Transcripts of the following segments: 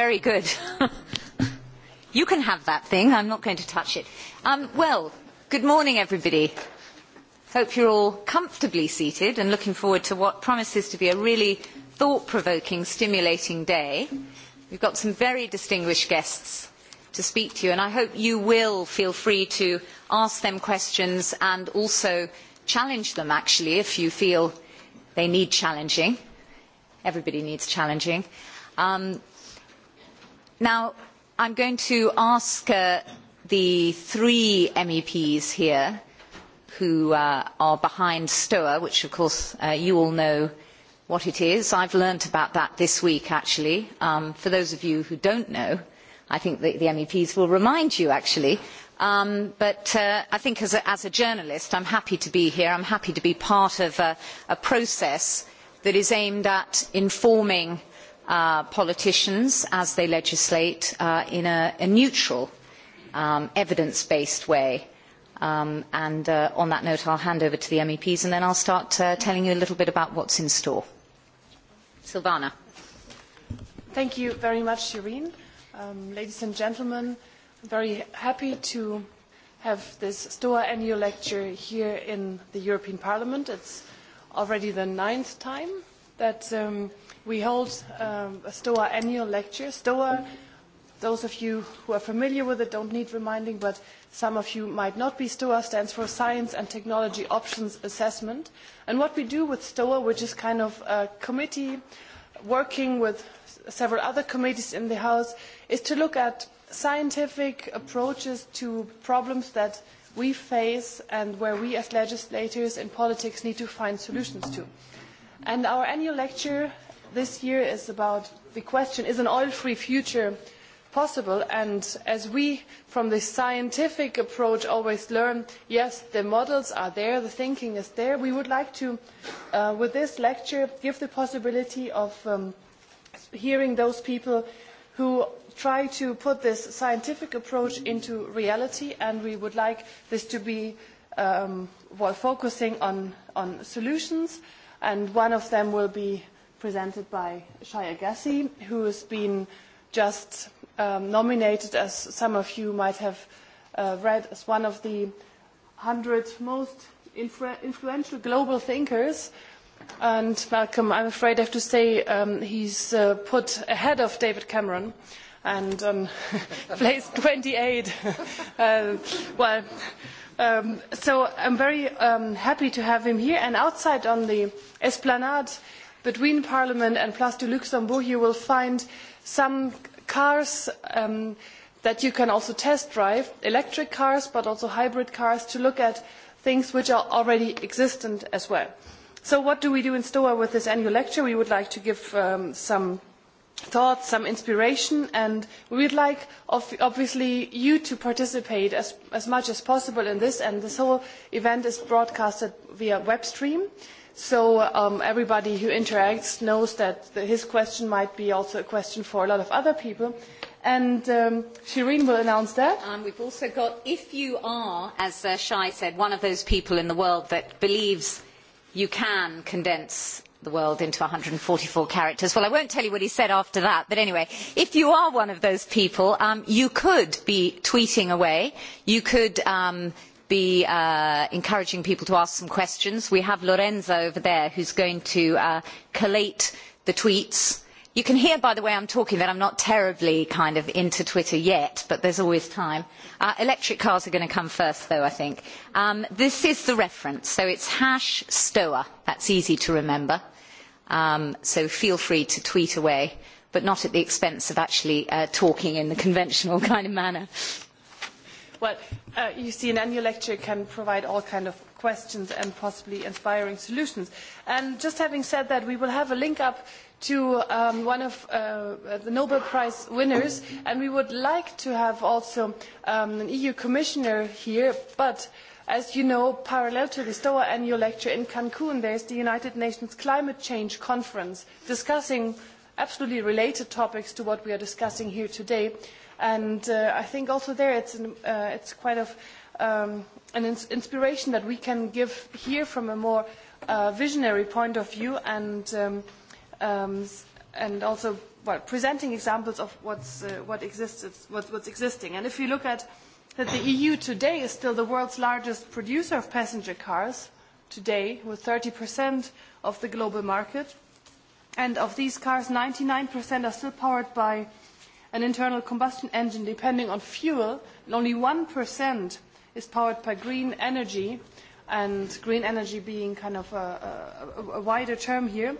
Very good. you can have that thing. I'm not going to touch it. Um, well, good morning, everybody. Hope you're all comfortably seated and looking forward to what promises to be a really thought-provoking, stimulating day. We've got some very distinguished guests to speak to you, and I hope you will feel free to ask them questions and also challenge them, actually, if you feel they need challenging. Everybody needs challenging. Um, Now, I am going to ask the three MEPs here who are behind STOA, which of course you all know what it is. I have learnt about that this week, actually. for those of you who don't know, I think the, the MEPs will remind you, actually. but I think as a, as a journalist, happy to be here. I am happy to be part of a, process that is aimed at informing politicians as they legislate in a, neutral, evidence-based way. and on that note, I'll hand over to the MEPs and then I'll start telling you a little bit about what's in store. Silvana. Thank you very much, Shireen. ladies and gentlemen, I'm very happy to have this STOA annual lecture here in the European Parliament. It's already the ninth time that we hold um, a STOA annual lecture. STOA, those of you who are familiar with it don't need reminding, but some of you might not be. STOA stands for Science and Technology Options Assessment. And what we do with STOA, which is kind of a committee working with several other committees in the House, is to look at scientific approaches to problems that we face and where we as legislators and politics need to find solutions to. And our annual lecture this year is about the question, is an oil-free future possible? And as we, from the scientific approach, always learn, yes, the models are there, the thinking is there. We would like to, with this lecture, give the possibility of hearing those people who try to put this scientific approach into reality, and we would like this to be while focusing on, on solutions, and one of them will be presented by Shaya Gassi, who has been just nominated, as some of you might have uh read, as one of the hundred most influential global thinkers. And Malcolm, I'm afraid I have to say um, he's uh, put ahead of David Cameron and um, placed 28. uh, well, um, so I'm very um, happy to have him here. And outside on the esplanade, between Parliament and Place du Luxembourg, you will find some cars that you can also test drive, electric cars, but also hybrid cars, to look at things which are already existent as well. So what do we do in STOA with this annual lecture? We would like to give some thoughts, some inspiration, and we would like, obviously, you to participate as, much as possible in this, and this whole event is broadcasted via web stream. So everybody who interacts knows that his question might be also a question for a lot of other people. And um, Shireen will announce that. And we've also got, if you are, as uh, Shai said, one of those people in the world that believes you can condense the world into one hundred and forty four characters. Well, I won't tell you what he said after that, but anyway, if you are one of those people, um you could be tweeting away. You could um be encouraging people to ask some questions. We have Lorenzo over there who is going to collate the tweets. You can hear, by the way, I am talking that I am not terribly kind of into Twitter yet, but there is always time. electric cars are going to come first, though, I think. this is the reference. So it is hash STOA. That is easy to remember. so feel free to tweet away, but not at the expense of actually talking in the conventional kind of manner. Well, you see, an annual lecture can provide all kinds of questions and possibly inspiring solutions. And just having said that, we will have a link up to one of the Nobel Prize winners, and we would like to have also an EU commissioner here, but as you know, parallel to the STOA annual lecture in Cancun, there is the United Nations Climate Change Conference discussing absolutely related topics to what we are discussing here today And uh, I think also there it's, an, uh, it's quite of, um, an ins inspiration that we can give here from a more uh, visionary point of view and, um, um, and also well, presenting examples of what's, uh, what exists, what, what's existing. And if you look at that the EU today is still the world's largest producer of passenger cars, today with 30% of the global market. And of these cars, 99% are still powered by an internal combustion engine depending on fuel, and only 1% is powered by green energy, and green energy being kind of a, a, a wider term here,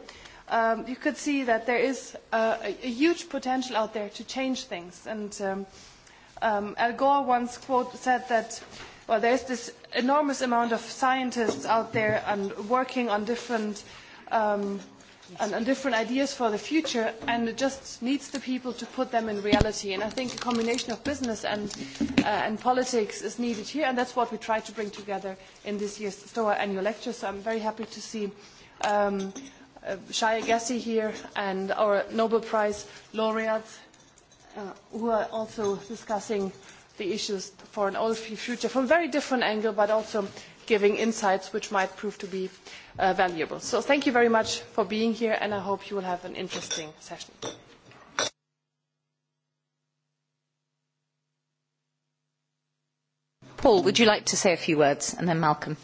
um, you could see that there is a, a huge potential out there to change things. And um, um, Al Gore once quote said that, well, there's this enormous amount of scientists out there and working on different um, and, and different ideas for the future, and it just needs the people to put them in reality. And I think a combination of business and, uh, and politics is needed here, and that's what we try to bring together in this year's STOA annual lecture. So I'm very happy to see um, uh, Shaya Gassi here and our Nobel Prize laureates uh, who are also discussing the issues for an oil-free future from a very different angle, but also giving insights which might prove to be valuable. So thank you very much for being here, and I hope you will have an interesting session. Paul, would you like to say a few words, and then Malcolm?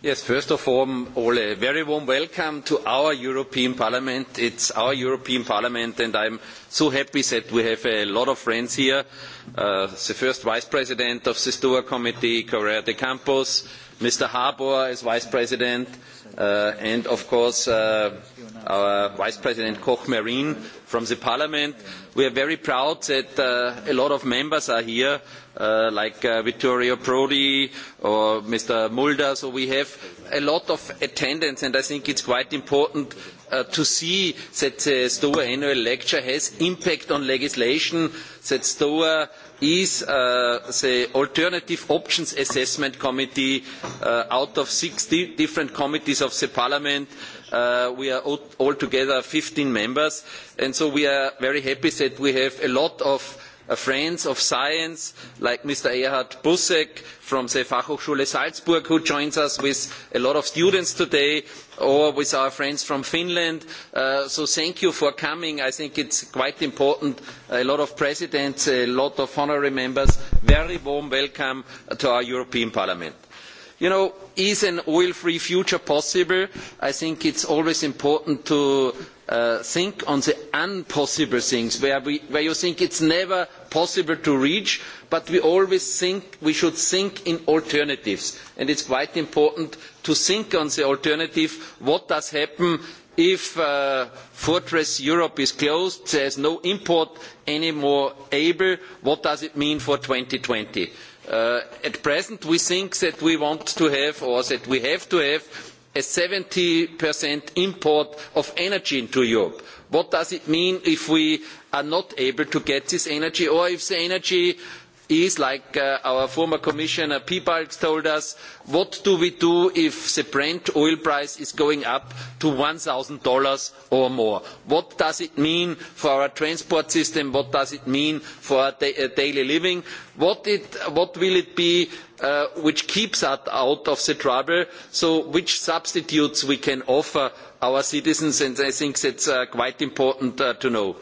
Yes, first of all, a very warm welcome to our European Parliament. It's our European Parliament, and I'm so happy that we have a lot of friends here. the first Vice President of the STOA Committee, Correa de Campos, Mr. Harbour as Vice President, and of course our Vice President Koch Marin from the Parliament. We are very proud that a lot of members are here, like Vittorio Prodi or Mr. Mulder. So we have a lot of attendance, and I think it is quite important to see that the STOA annual lecture has impact on legislation, that STOA is the Alternative Options Assessment Committee out of six different committees of Parliament. we are altogether fifteen members, and so we are very happy that we have a lot of friends of science like Mr. Erhard Busek from the Fachhochschule Salzburg who joins us with a lot of students today or with our friends from Finland. so thank you for coming. I think it is quite important. A lot of presidents, a lot of honorary members, very warm welcome to our European Parliament is an oil free future possible? i think it is always important to think on the impossible things where, we, where you think it's never possible to reach, but we always think we should think in alternatives. And it's quite important to think on the alternative, what does happen if Fortress Europe is closed, there is no import anymore able, what does it mean for twenty? at present, we think that we want to have, or that we have to have, a 70% import of energy into Europe. What does it mean if we are not able to get this energy or if the energy is, like our former commissioner Piebalgs told us, what do we do if the Brent oil price is going up to one $1,000 or more? What does it mean for our transport system? What does it mean for our daily living? What, will it be which keeps us out of the trouble? So which substitutes we can offer our citizens? And I think that is quite important to know.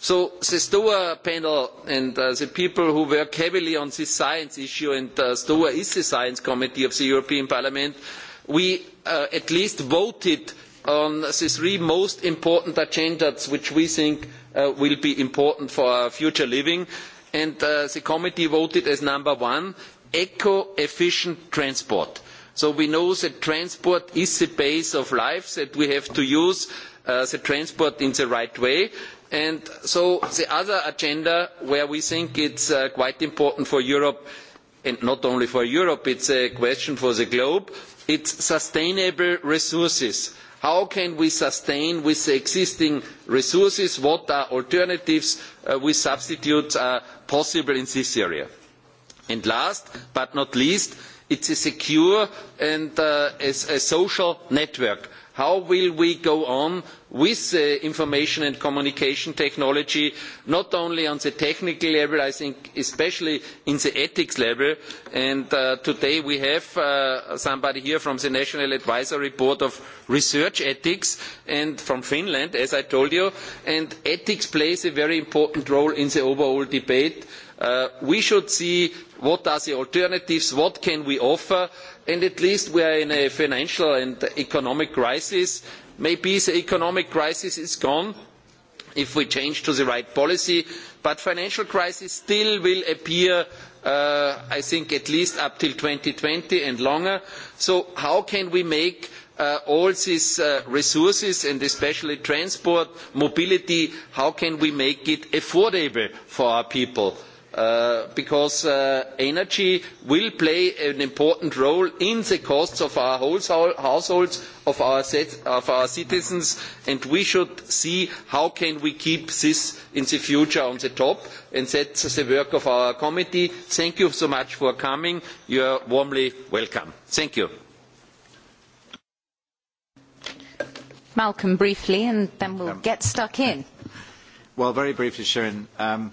So the STOA panel and the people who work heavily on this science issue, and STOA is the science committee of the European Parliament, we at least voted on the three most important agendas which we think will be important for our future living. And the committee voted as number one, eco-efficient transport. So we know that transport is the base of life, that we have to use the transport in the right way And so the other agenda where we think it's is quite important for Europe, and not only for Europe, it's a question for the globe, it's sustainable resources. How can we sustain with the existing resources? What are alternatives with substitutes possible in this area? And last but not least, it's a secure and a, a social network how will we go on with information and communication technology, not only on the technical level, I think especially in the ethics level. And today we have somebody here from the National Advisory Board of Research Ethics and from Finland, as I told you. And ethics plays a very important role in the overall debate we should see what are the alternatives, what can we offer, and at least we are in a financial and economic crisis. Maybe the economic crisis is gone if we change to the right policy, but financial crisis still will appear, I think, at least up till twenty and longer. So how can we make all these resources and especially transport, mobility, how can we make it affordable for our people? because energy will play an important role in the costs of our households, of our citizens, and we should see how can we keep this in the future on the top, and that's the work of our committee. Thank you so much for coming. You are warmly welcome. Thank you. Malcolm, briefly, and then we'll get stuck in. Well, very briefly, Sharon. Um,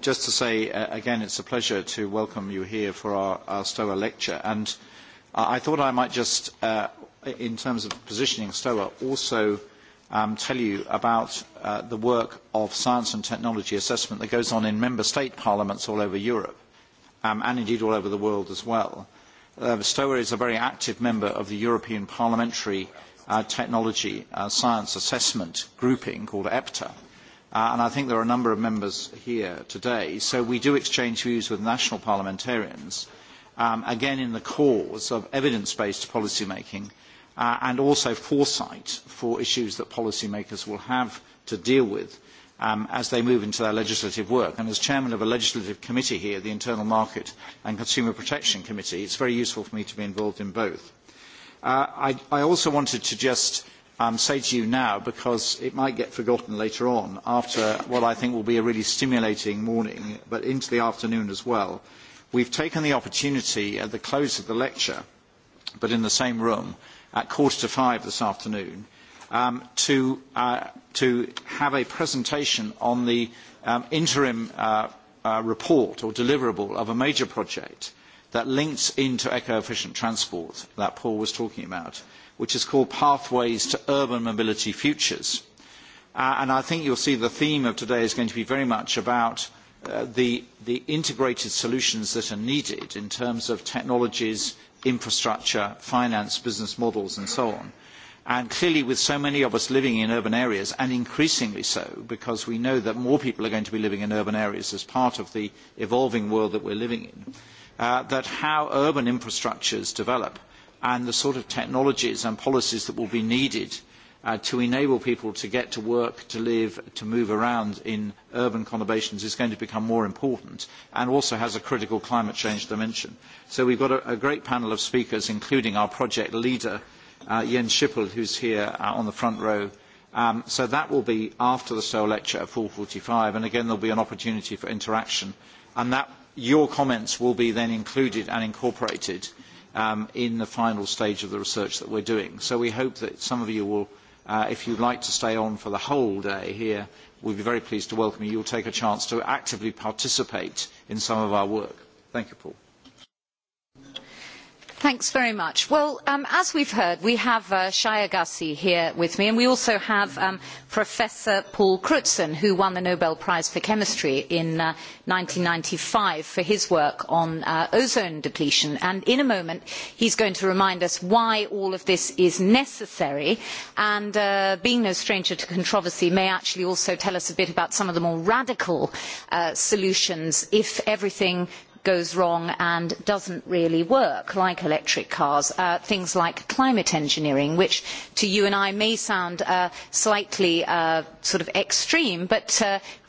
just to say again, it is a pleasure to welcome you here for our, our STOA lecture. And I thought I might just, in terms of positioning STOA, also tell you about the work of science and technology assessment that goes on in member state parliaments all over Europe, and indeed all over the world as well. STOA is a very active member of the European Parliamentary Technology Science Assessment grouping called EPTA and I think there are a number of members here today. So we do exchange views with national parliamentarians, again in the cause of evidence-based policy making and also foresight for issues that policymakers will have to deal with as they move into their legislative work. And as chairman of a legislative committee here, the Internal Market and Consumer Protection Committee, it is very useful for me to be involved in both. I, also wanted to just say to you now because it might get forgotten later on after what I think will be a really stimulating morning, but into the afternoon as well. We have taken the opportunity at the close of the lecture, but in the same room, at quarter to five this afternoon, to, have a presentation on the interim report or deliverable of a major project that links into eco-efficient transport that Paul was talking about, which is called Pathways to Urban Mobility Futures. and I think you will see the theme of today is going to be very much about the, integrated solutions that are needed in terms of technologies, infrastructure, finance, business models, and so on. And clearly, with so many of us living in urban areas, and increasingly so, because we know that more people are going to be living in urban areas as part of the evolving world that we are living in, that how urban infrastructures develop and the sort of technologies and policies that will be needed to enable people to get to work, to live, to move around in urban conurbations is going to become more important and also has a critical climate change dimension. So we have got a, great panel of speakers, including our project leader, Jens Schippel, who is here on the front row. so that will be after the Seoul lecture at four forty five, and again there will be an opportunity for interaction. And that your comments will be then included and incorporated in the final stage of the research that we are doing. So we hope that some of you will, if you would like to stay on for the whole day here, we will be very pleased to welcome you. You will take a chance to actively participate in some of our work. Thank you, Paul mr very much. we have heard, we have shia Shaya Gassi here with me, and we also have Professor Paul Crutzen, who won the Nobel Prize for Chemistry in ninety five for his work on ozone depletion. And in a moment, he is going to remind us why all of this is necessary, and being no stranger to controversy, may actually also tell us a bit about some of the more radical solutions if everything goes wrong and does not really work, like electric cars, things like climate engineering, which to you and I may sound slightly sort of extreme, but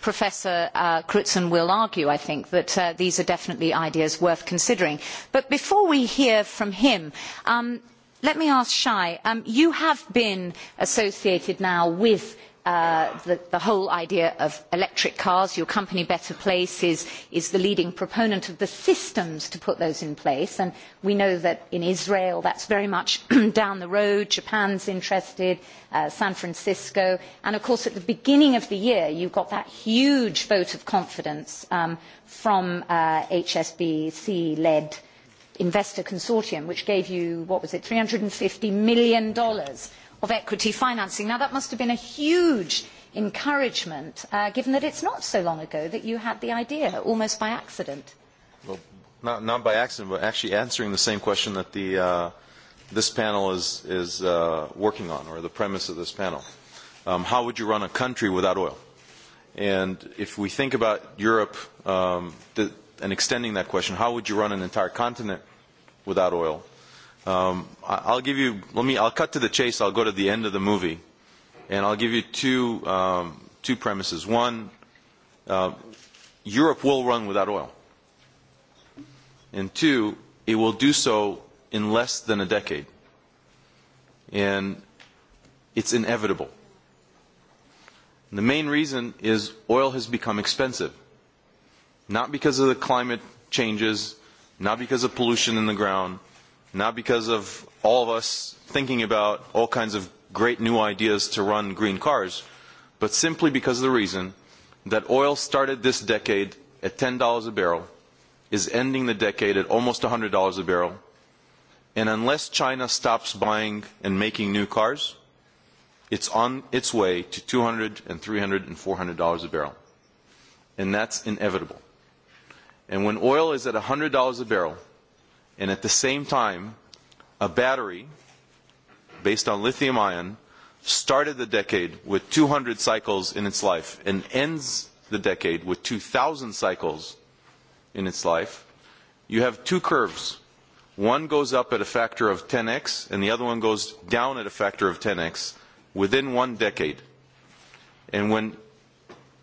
Professor Crutzen will argue, I think, that these are definitely ideas worth considering. But before we hear from him, let me ask Shai, you have been associated now with the, the whole idea of electric cars, your company Better Place is, is the leading proponent of the systems to put those in place. And we know that in Israel that's very much down the road. Japan's interested, uh, San Francisco. And of course, at the beginning of the year, you got that huge vote of confidence um, from uh, HSBC led investor consortium, which gave you, what was it, $350 million dollars of equity financing. Now, that must have been a huge encouragement, given that it is not so long ago that you had the idea, almost by accident. Well, not, not by accident, but actually answering the same question that the, uh, this panel is, is uh, working on, or the premise of this panel. Um, how would you run a country without oil? And if we think about Europe um, the, and extending that question, how would you run an entire continent without oil? Um, I, I'll give you. Let me. I'll cut to the chase. I'll go to the end of the movie, and I'll give you two um, two premises. One, uh, Europe will run without oil, and two, it will do so in less than a decade, and it's inevitable. And the main reason is oil has become expensive, not because of the climate changes, not because of pollution in the ground not because of all of us thinking about all kinds of great new ideas to run green cars, but simply because of the reason that oil started this decade at $10 a barrel, is ending the decade at almost $100 a barrel. And unless China stops buying and making new cars, it's on its way to $200 and $300 and $400 a barrel. And that's inevitable. And when oil is at $100 a barrel, and at the same time, a battery based on lithium ion started the decade with 200 cycles in its life and ends the decade with 2,000 cycles in its life. You have two curves. One goes up at a factor of 10x, and the other one goes down at a factor of 10x within one decade. And when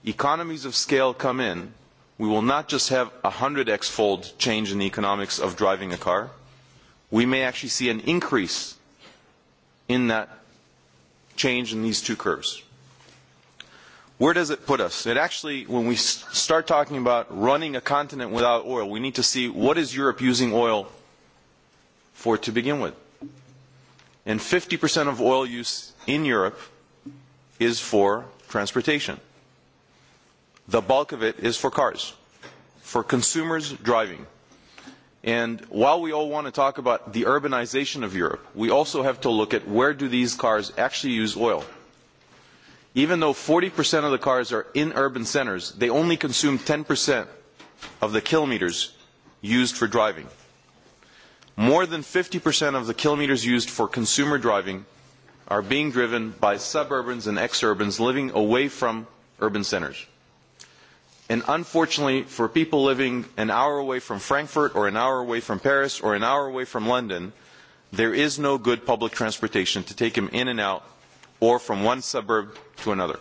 economies of scale come in, we will not just have a 100x fold change in the economics of driving a car. We may actually see an increase in that change in these two curves. Where does it put us? It actually, when we start talking about running a continent without oil, we need to see what is Europe using oil for to begin with. And 50% of oil use in Europe is for transportation the bulk of it is for cars, for consumers driving. And while we all want to talk about the urbanization of Europe, we also have to look at where do these cars actually use oil. Even though 40% of the cars are in urban centers, they only consume 10% of the kilometers used for driving. More than 50% of the kilometers used for consumer driving are being driven by suburbans and exurbans living away from urban centers. And unfortunately, for people living an hour away from Frankfurt or an hour away from Paris or an hour away from London, there is no good public transportation to take them in and out or from one suburb to another.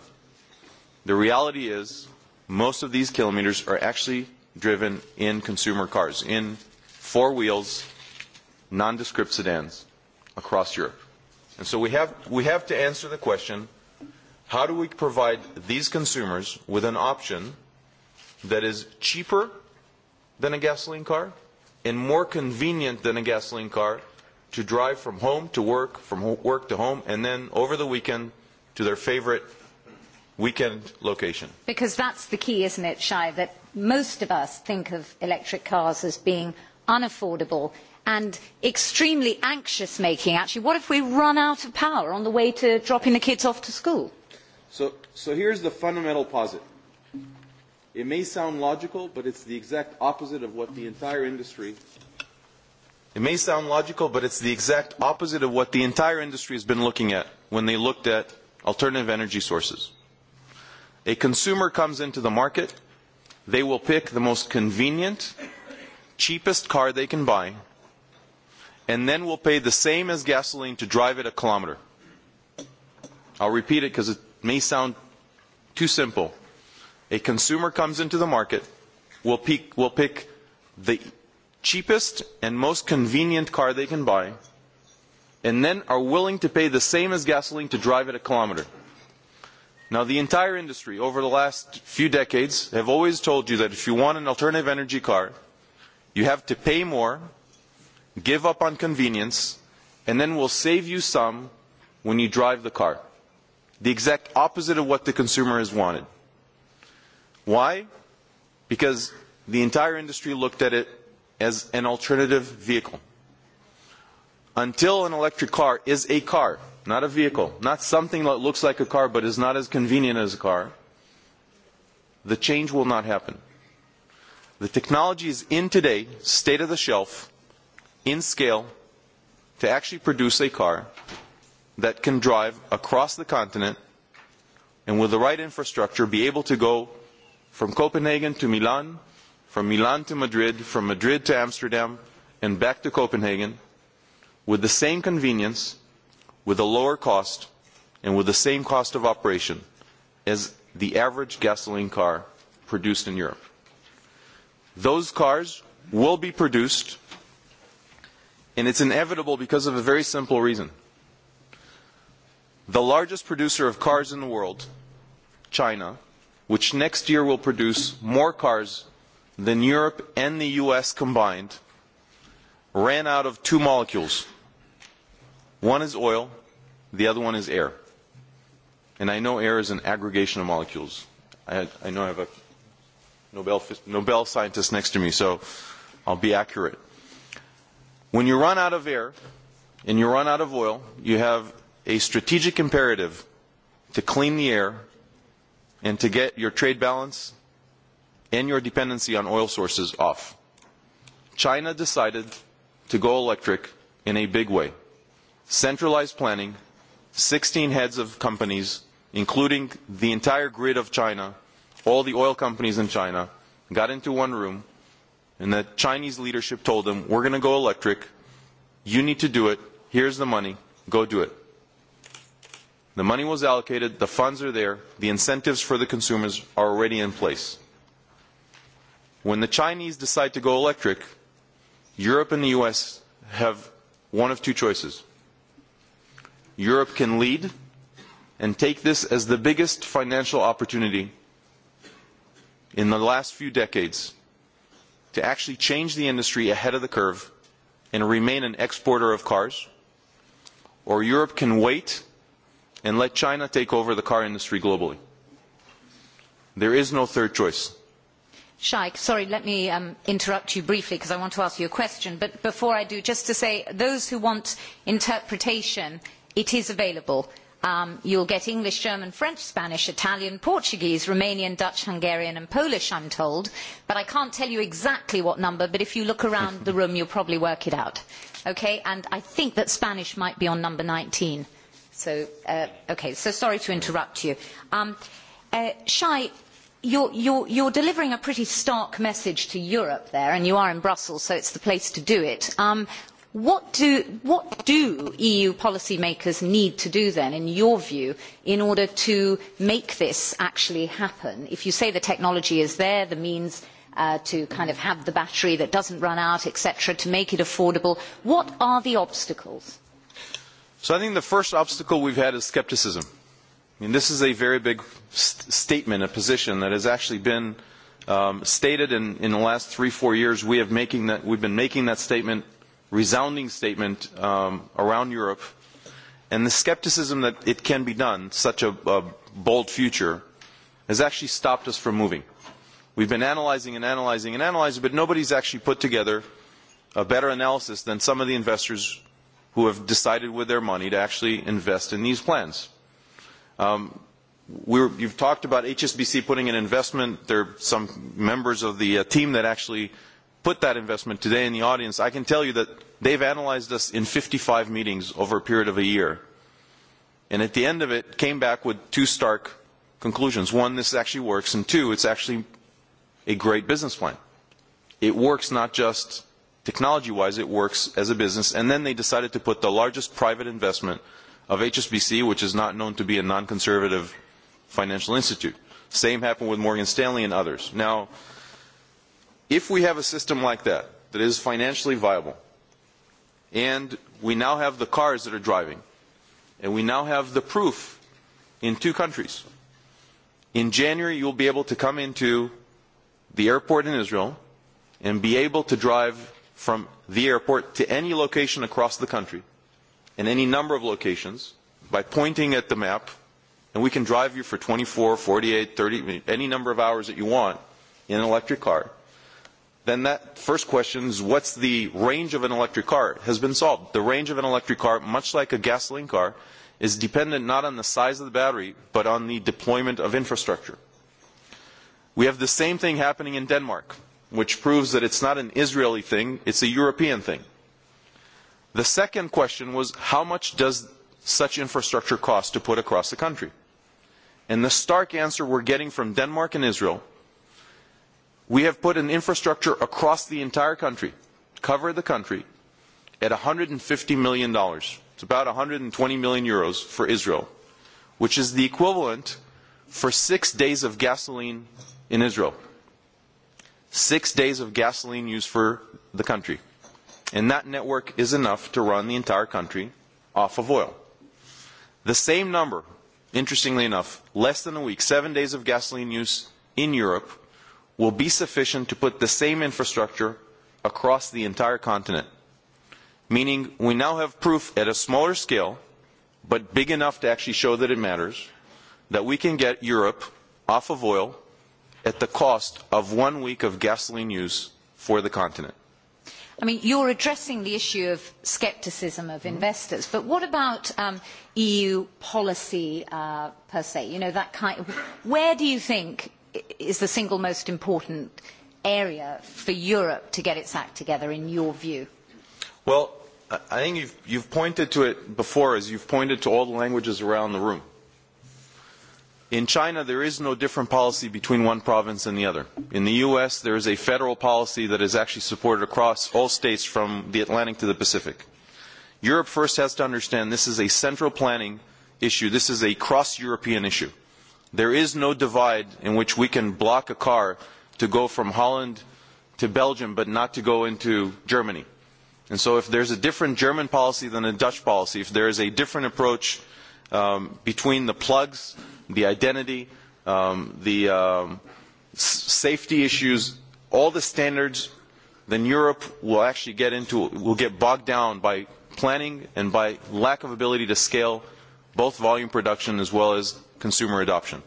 The reality is most of these kilometers are actually driven in consumer cars, in four wheels, nondescript sedans across Europe. And so we have, we have to answer the question, how do we provide these consumers with an option – that is cheaper than a gasoline car and more convenient than a gasoline car to drive from home to work, from work to home, and then over the weekend to their favorite weekend location. Because that's the key, isn't it, Shai, that most of us think of electric cars as being unaffordable and extremely anxious making. Actually, what if we run out of power on the way to dropping the kids off to school? So, so here's the fundamental posit It may sound logical, but it's the exact opposite of what the entire industry it may sound logical, but it's the exact opposite of what the entire industry has been looking at when they looked at alternative energy sources. A consumer comes into the market, they will pick the most convenient, cheapest car they can buy, and then will pay the same as gasoline to drive it a kilometer. I'll repeat it because it may sound too simple a consumer comes into the market, will pick, will pick the cheapest and most convenient car they can buy, and then are willing to pay the same as gasoline to drive it a kilometer. Now, the entire industry over the last few decades have always told you that if you want an alternative energy car, you have to pay more, give up on convenience, and then we'll save you some when you drive the car. The exact opposite of what the consumer has wanted. Why? Because the entire industry looked at it as an alternative vehicle. Until an electric car is a car, not a vehicle, not something that looks like a car but is not as convenient as a car, the change will not happen. The technology is in today, state of the shelf, in scale, to actually produce a car that can drive across the continent and with the right infrastructure be able to go from Copenhagen to Milan, from Milan to Madrid, from Madrid to Amsterdam, and back to Copenhagen with the same convenience, with a lower cost, and with the same cost of operation as the average gasoline car produced in Europe. Those cars will be produced, and it's inevitable because of a very simple reason. The largest producer of cars in the world, China, which next year will produce more cars than Europe and the US combined, ran out of two molecules. One is oil, the other one is air. And I know air is an aggregation of molecules. I, I know I have a Nobel, Nobel scientist next to me, so I'll be accurate. When you run out of air and you run out of oil, you have a strategic imperative to clean the air and to get your trade balance and your dependency on oil sources off. China decided to go electric in a big way. Centralized planning, 16 heads of companies, including the entire grid of China, all the oil companies in China, got into one room, and the Chinese leadership told them, we're going to go electric, you need to do it, here's the money, go do it. The money was allocated, the funds are there, the incentives for the consumers are already in place. When the Chinese decide to go electric, Europe and the US have one of two choices. Europe can lead and take this as the biggest financial opportunity in the last few decades to actually change the industry ahead of the curve and remain an exporter of cars, or Europe can wait and let China take over the car industry globally. There is no third choice. Shaikh, sorry, let me um interrupt you briefly because I want to ask you a question. But before I do, just to say, those who want interpretation, it is available. You will get English, German, French, Spanish, Italian, Portuguese, Romanian, Dutch, Hungarian and Polish, I am told. But I can't tell you exactly what number, but if you look around the room, you will probably work it out. and I think that Spanish might be on number nineteen. So, uh, okay, so sorry to interrupt you. Um, uh, Shai, you're, you're, you're delivering a pretty stark message to Europe there, and you are in Brussels, so it's the place to do it. Um, what do, what do EU policymakers need to do then, in your view, in order to make this actually happen? If you say the technology is there, the means to kind of have the battery that doesn't run out, etc., to make it affordable, what are the obstacles? So I think the first obstacle we've had is skepticism. I mean, this is a very big st- statement, a position that has actually been um, stated in, in the last three, four years. We have making that, we've been making that statement, resounding statement um, around Europe. And the skepticism that it can be done, such a, a bold future, has actually stopped us from moving. We've been analyzing and analyzing and analyzing, but nobody's actually put together a better analysis than some of the investors who have decided with their money to actually invest in these plans. Um, we're, you've talked about HSBC putting an investment. There are some members of the uh, team that actually put that investment today in the audience. I can tell you that they've analyzed us in 55 meetings over a period of a year. And at the end of it, came back with two stark conclusions. One, this actually works, and two, it's actually a great business plan. It works not just technology wise, it works as a business. And then they decided to put the largest private investment of HSBC, which is not known to be a non conservative financial institute. Same happened with Morgan Stanley and others. Now, if we have a system like that, that is financially viable, and we now have the cars that are driving, and we now have the proof in two countries. In January, you'll be able to come into the airport in Israel and be able to drive from the airport to any location across the country, in any number of locations, by pointing at the map, and we can drive you for 24, 48, 30, any number of hours that you want in an electric car, then that first question is what's the range of an electric car has been solved. The range of an electric car, much like a gasoline car, is dependent not on the size of the battery, but on the deployment of infrastructure. We have the same thing happening in Denmark which proves that it's not an Israeli thing, it's a European thing. The second question was how much does such infrastructure cost to put across the country? And the stark answer we're getting from Denmark and Israel we have put an infrastructure across the entire country, cover the country, at $150 million. It's about 120 million euros for Israel, which is the equivalent for six days of gasoline in Israel six days of gasoline use for the country. And that network is enough to run the entire country off of oil. The same number, interestingly enough, less than a week, seven days of gasoline use in Europe will be sufficient to put the same infrastructure across the entire continent. Meaning we now have proof at a smaller scale, but big enough to actually show that it matters, that we can get Europe off of oil at the cost of one week of gasoline use for the continent. I mean, you're addressing the issue of scepticism of investors, but what about um, EU policy uh, per se? You know, that kind. Of, where do you think is the single most important area for Europe to get its act together, in your view? Well, I think you've, you've pointed to it before, as you've pointed to all the languages around the room In China, there is no different policy between one province and the other. In the U.S., there is a federal policy that is actually supported across all states from the Atlantic to the Pacific. Europe first has to understand this is a central planning issue. This is a cross-European issue. There is no divide in which we can block a car to go from Holland to Belgium, but not to go into Germany. And so if there's a different German policy than a Dutch policy, if there is a different approach um, between the plugs the identity, um, the um, safety issues, all the standards, then Europe will actually get into, will get bogged down by planning and by lack of ability to scale both volume production as well as consumer adoption.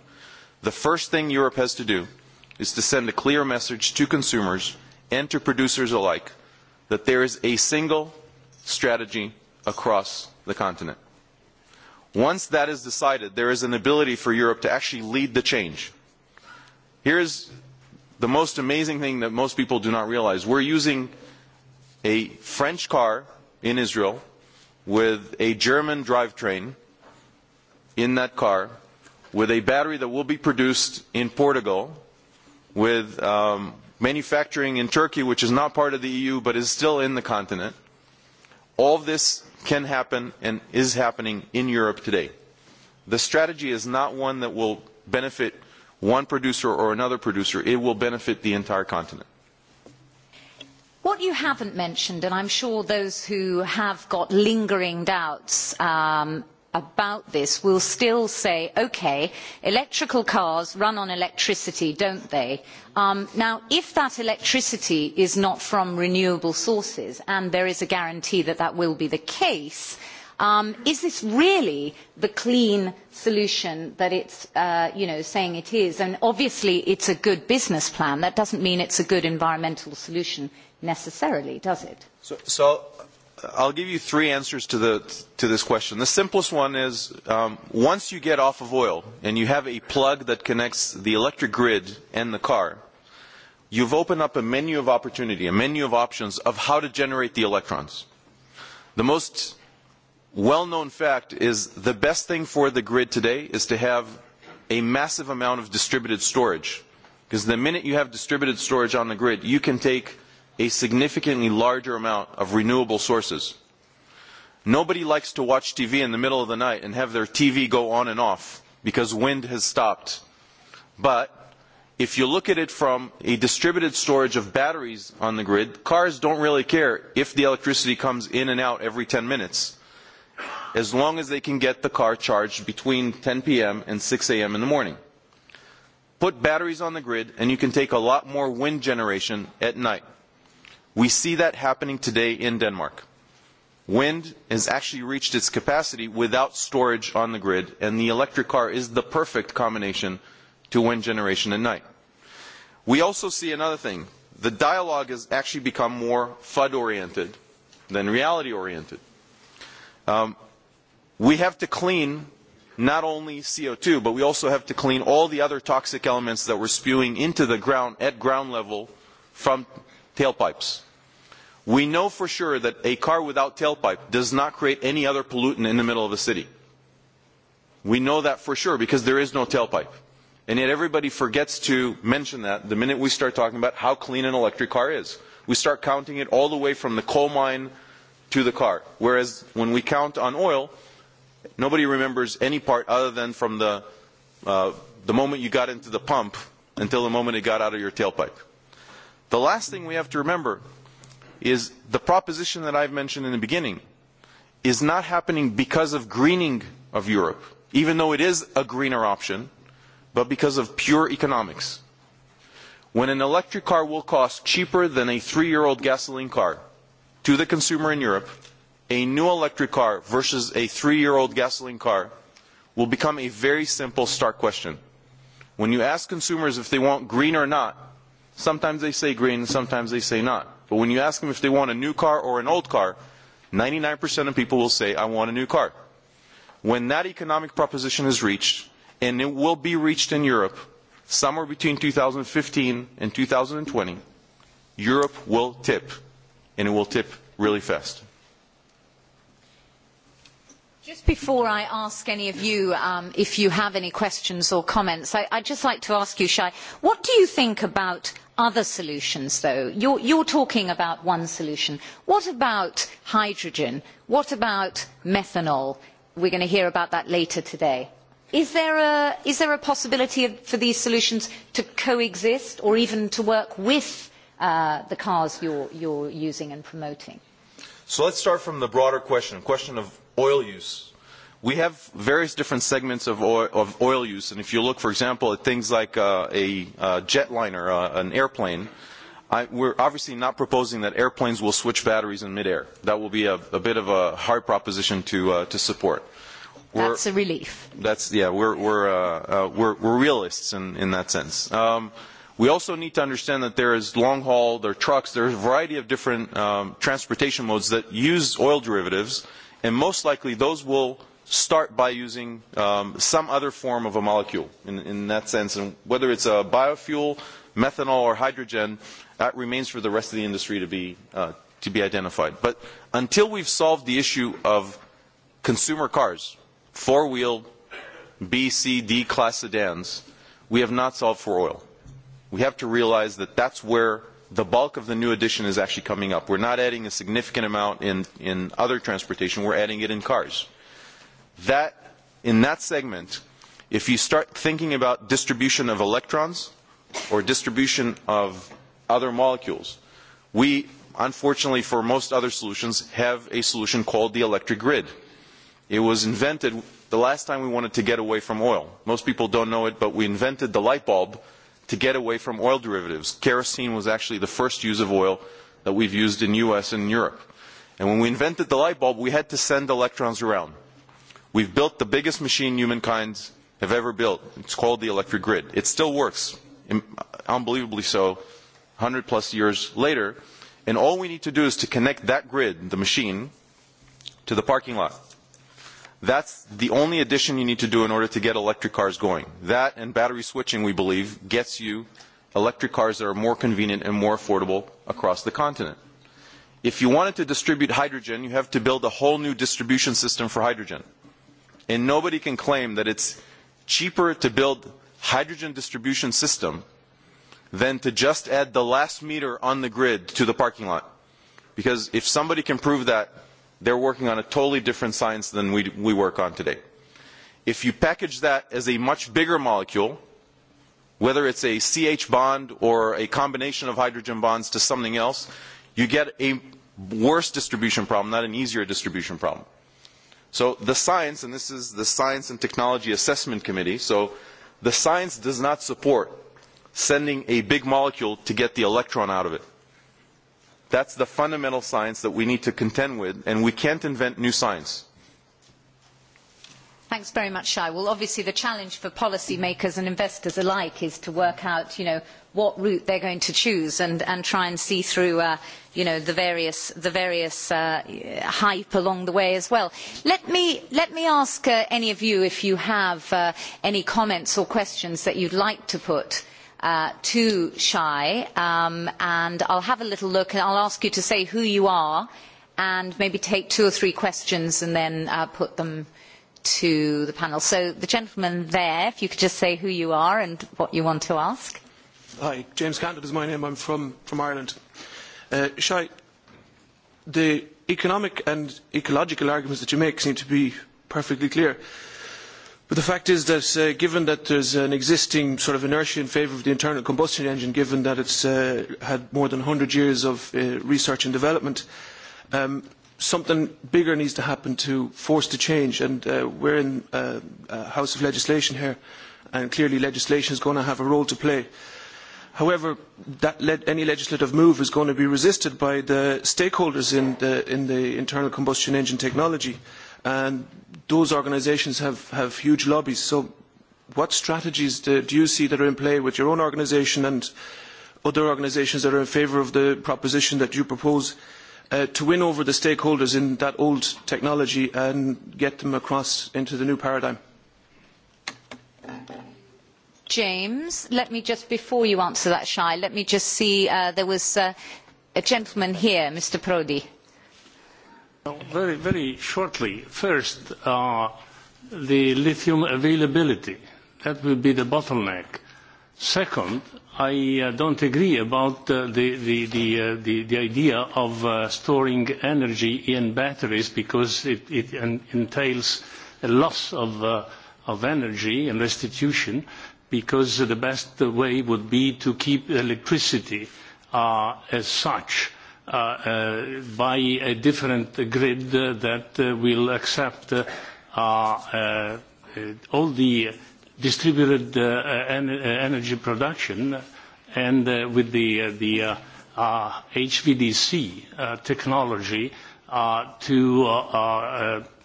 The first thing Europe has to do is to send a clear message to consumers and to producers alike that there is a single strategy across the continent Once that is decided, there is an ability for Europe to actually lead the change. Here is the most amazing thing that most people do not realize. We're using a French car in Israel with a German drivetrain in that car with a battery that will be produced in Portugal with um, manufacturing in Turkey, which is not part of the EU but is still in the continent. All this can happen and is happening in Europe today. The strategy is not one that will benefit one producer or another producer. It will benefit the entire continent. What you haven't mentioned, and I'm sure those who have got lingering doubts um, about this will still say, okay, electrical cars run on electricity, don't they? now, if that electricity is not from renewable sources, and there is a guarantee that that will be the case, is this really the clean solution that it's uh, saying it is? And obviously, it's a good business plan. That doesn't mean it's a good environmental solution necessarily, does it? So, I'll give you three answers to the to this question. The simplest one is um, once you get off of oil and you have a plug that connects the electric grid and the car, you've opened up a menu of opportunity, a menu of options of how to generate the electrons. The most well-known fact is the best thing for the grid today is to have a massive amount of distributed storage, because the minute you have distributed storage on the grid, you can take a significantly larger amount of renewable sources. Nobody likes to watch TV in the middle of the night and have their TV go on and off because wind has stopped. But if you look at it from a distributed storage of batteries on the grid, cars don't really care if the electricity comes in and out every 10 minutes, as long as they can get the car charged between 10 p.m. and 6 a.m. in the morning. Put batteries on the grid, and you can take a lot more wind generation at night. We see that happening today in Denmark. Wind has actually reached its capacity without storage on the grid, and the electric car is the perfect combination to wind generation at night. We also see another thing. The dialogue has actually become more FUD-oriented than reality-oriented. Um, we have to clean not only CO2, but we also have to clean all the other toxic elements that we're spewing into the ground at ground level from tailpipes. We know for sure that a car without tailpipe does not create any other pollutant in the middle of a city. We know that for sure because there is no tailpipe. And yet everybody forgets to mention that the minute we start talking about how clean an electric car is. We start counting it all the way from the coal mine to the car. Whereas when we count on oil, nobody remembers any part other than from the, uh, the moment you got into the pump until the moment it got out of your tailpipe. The last thing we have to remember is the proposition that I've mentioned in the beginning is not happening because of greening of Europe, even though it is a greener option, but because of pure economics. When an electric car will cost cheaper than a three-year-old gasoline car to the consumer in Europe, a new electric car versus a three-year-old gasoline car will become a very simple, stark question. When you ask consumers if they want green or not, Sometimes they say green, sometimes they say not. But when you ask them if they want a new car or an old car, 99% of people will say, I want a new car. When that economic proposition is reached, and it will be reached in Europe somewhere between 2015 and 2020, Europe will tip, and it will tip really fast. Just before I ask any of you um, if you have any questions or comments, I, I'd just like to ask you, Shai, what do you think about other solutions, though? You are talking about one solution. What about hydrogen? What about methanol? We are going to hear about that later today. Is there a, possibility for these solutions to coexist or even to work with the cars you are using and promoting? So let's start from the broader question, the question of oil use we have various different segments of oil, of oil use, and if you look, for example, at things like uh, a uh, jetliner, uh, an airplane, I, we're obviously not proposing that airplanes will switch batteries in midair. That will be a, a bit of a hard proposition to uh, to support. We're, that's a relief. That's yeah. We're we're uh, uh, we're, we're realists in in that sense. Um, we also need to understand that there is long haul, there are trucks, there are a variety of different um, transportation modes that use oil derivatives, and most likely those will start by using some other form of a molecule in, that sense. And whether it's a biofuel, methanol, or hydrogen, that remains for the rest of the industry to be, to be identified. But until we've solved the issue of consumer cars, four-wheel, B, C, D class sedans, we have not solved for oil. We have to realize that that's where the bulk of the new addition is actually coming up. We're not adding a significant amount in, in other transportation. We're adding it in cars that in that segment, if you start thinking about distribution of electrons or distribution of other molecules, we, unfortunately for most other solutions, have a solution called the electric grid. It was invented the last time we wanted to get away from oil. Most people don't know it, but we invented the light bulb to get away from oil derivatives. Kerosene was actually the first use of oil that we've used in the US and Europe. And when we invented the light bulb, we had to send electrons around We've built the biggest machine humankind have ever built. It's called the electric grid. It still works, unbelievably so, 100 plus years later. And all we need to do is to connect that grid, the machine, to the parking lot. That's the only addition you need to do in order to get electric cars going. That and battery switching, we believe, gets you electric cars that are more convenient and more affordable across the continent. If you wanted to distribute hydrogen, you have to build a whole new distribution system for hydrogen And nobody can claim that it's cheaper to build hydrogen distribution system than to just add the last meter on the grid to the parking lot. Because if somebody can prove that, they're working on a totally different science than we, we work on today. If you package that as a much bigger molecule, whether it's a CH bond or a combination of hydrogen bonds to something else, you get a worse distribution problem, not an easier distribution problem. So the science, and this is the Science and Technology Assessment Committee, so the science does not support sending a big molecule to get the electron out of it. That's the fundamental science that we need to contend with, and we can't invent new science. Thanks very much, Shai. Well, obviously the challenge for policymakers and investors alike is to work out, you know, what route they are going to choose and, and try and see through the various, the various uh hype along the way as well. Let me, ask any of you if you have any comments or questions that you would like to put to Shai, and I'll have a little look and I will ask you to say who you are and maybe take two or three questions and then put them to the panel. So the gentleman there, if you could just say who you are and what you want to ask. Hi, James Candid is my name. I'm from, from Ireland. Uh, Shai, the economic and ecological arguments that you make seem to be perfectly clear. But the fact is that given that there is an existing sort of inertia in favour of the internal combustion engine, given that it has had more than one hundred years of research and development, something bigger needs to happen to force the change. And we are in a house of legislation here, and clearly legislation is going to have a role to play. However, any legislative move is going to be resisted by the stakeholders in the, internal combustion engine technology. And those organisations have, huge lobbies. So what strategies do, you see that are in play with your own organisation and other organisations that are in favour of the proposition that you propose to win over the stakeholders in that old technology and get them across into the new paradigm? James. Let me just, before you answer that, Shai, let me just see, there was uh a gentleman here, Mr. Prodi. Very, very shortly. First, uh the lithium availability. That will be the bottleneck. Second, I don't agree about the, the, the, uh the, the idea of uh storing energy in batteries because it, it entails a loss of uh of, energy and restitution because the best way would be to keep electricity as such by a different grid that will accept all the distributed energy production and with the HVDC technology to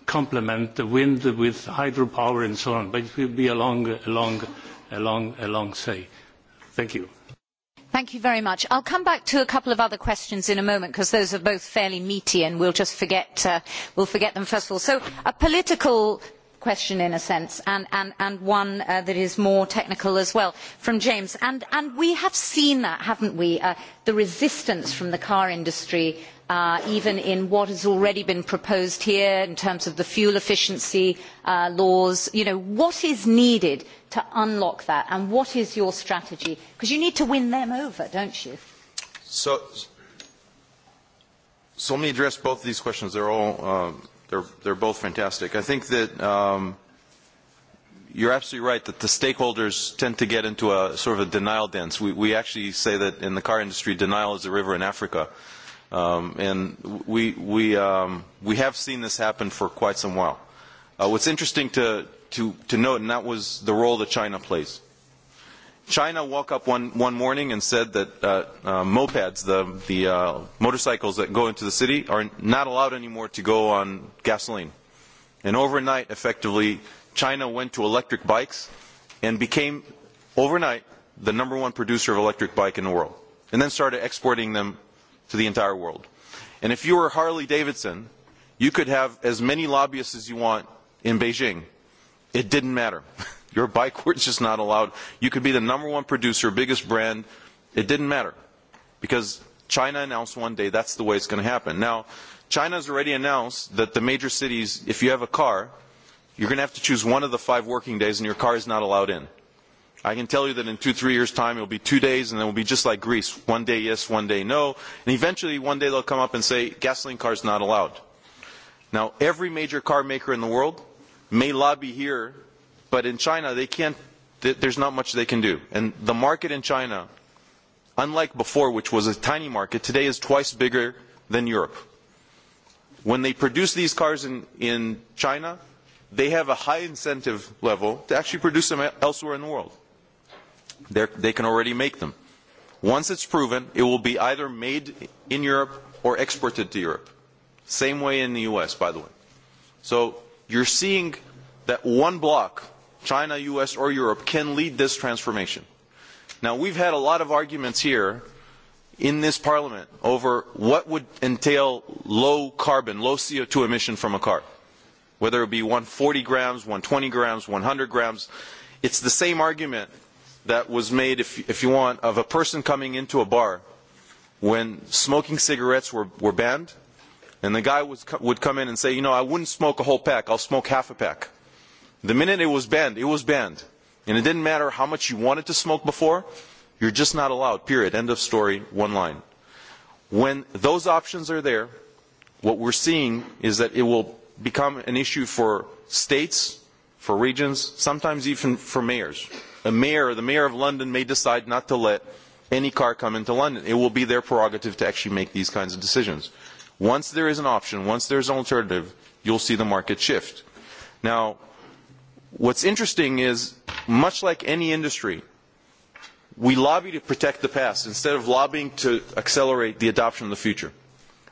complement the wind with hydropower and so on. But it will be a long along, along sea. Thank you. Thank you very much. I'll come back to a couple of other questions in a moment because those are both fairly meaty and we'll just forget, uh, we'll forget them first of all. So a political question in a sense and, one that is more technical as well from James. And, we have seen that, haven't we, the resistance from the car industry even in what has already been proposed here in terms of the fuel efficiency laws. what is needed to unlock that and what is your strategy? Because you need to win them over, don't you? So, so let me address both of these questions. They're all, they're, they're both fantastic. I think that um, you're absolutely right that the stakeholders tend to get into a sort of a denial dance. We, we actually say that in the car industry, denial is a river in Africa Um, and we, we, um, we have seen this happen for quite some while. Uh, what's interesting to, to, to note, and that was the role that China plays. China woke up one, one morning and said that uh, uh, mopeds, the, the uh, motorcycles that go into the city, are not allowed anymore to go on gasoline. And overnight, effectively, China went to electric bikes and became, overnight, the number one producer of electric bike in the world. And then started exporting them to the entire world. And if you were Harley Davidson, you could have as many lobbyists as you want in Beijing. It didn't matter. Your bike was just not allowed. You could be the number one producer, biggest brand. It didn't matter because China announced one day that's the way it's going to happen. Now, China's already announced that the major cities, if you have a car, you're going to have to choose one of the five working days and your car is not allowed in. I can tell you that in two, three years' time, it will be two days, and then it'll be just like Greece. One day yes, one day no. And eventually, one day they'll come up and say, gasoline cars not allowed. Now, every major car maker in the world may lobby here, but in China, they can't, there's not much they can do. And the market in China, unlike before, which was a tiny market, today is twice bigger than Europe. When they produce these cars in, in China, they have a high incentive level to actually produce them elsewhere in the world they can already make them. Once it's proven, it will be either made in Europe or exported to Europe. Same way in the US, by the way. So you're seeing that one block, China, US, or Europe, can lead this transformation. Now, we've had a lot of arguments here in this parliament over what would entail low carbon, low CO2 emission from a car. Whether it be 140 grams, 120 grams, 100 grams, it's the same argument that was made, if, if you want, of a person coming into a bar when smoking cigarettes were, were banned, and the guy was, would come in and say, you know, I wouldn't smoke a whole pack, I'll smoke half a pack. The minute it was banned, it was banned. And it didn't matter how much you wanted to smoke before, you're just not allowed, period. End of story, one line. When those options are there, what we're seeing is that it will become an issue for states, for regions, sometimes even for mayors a mayor, the mayor of London may decide not to let any car come into London. It will be their prerogative to actually make these kinds of decisions. Once there is an option, once there is an alternative, you'll see the market shift. Now, what's interesting is, much like any industry, we lobby to protect the past instead of lobbying to accelerate the adoption of the future.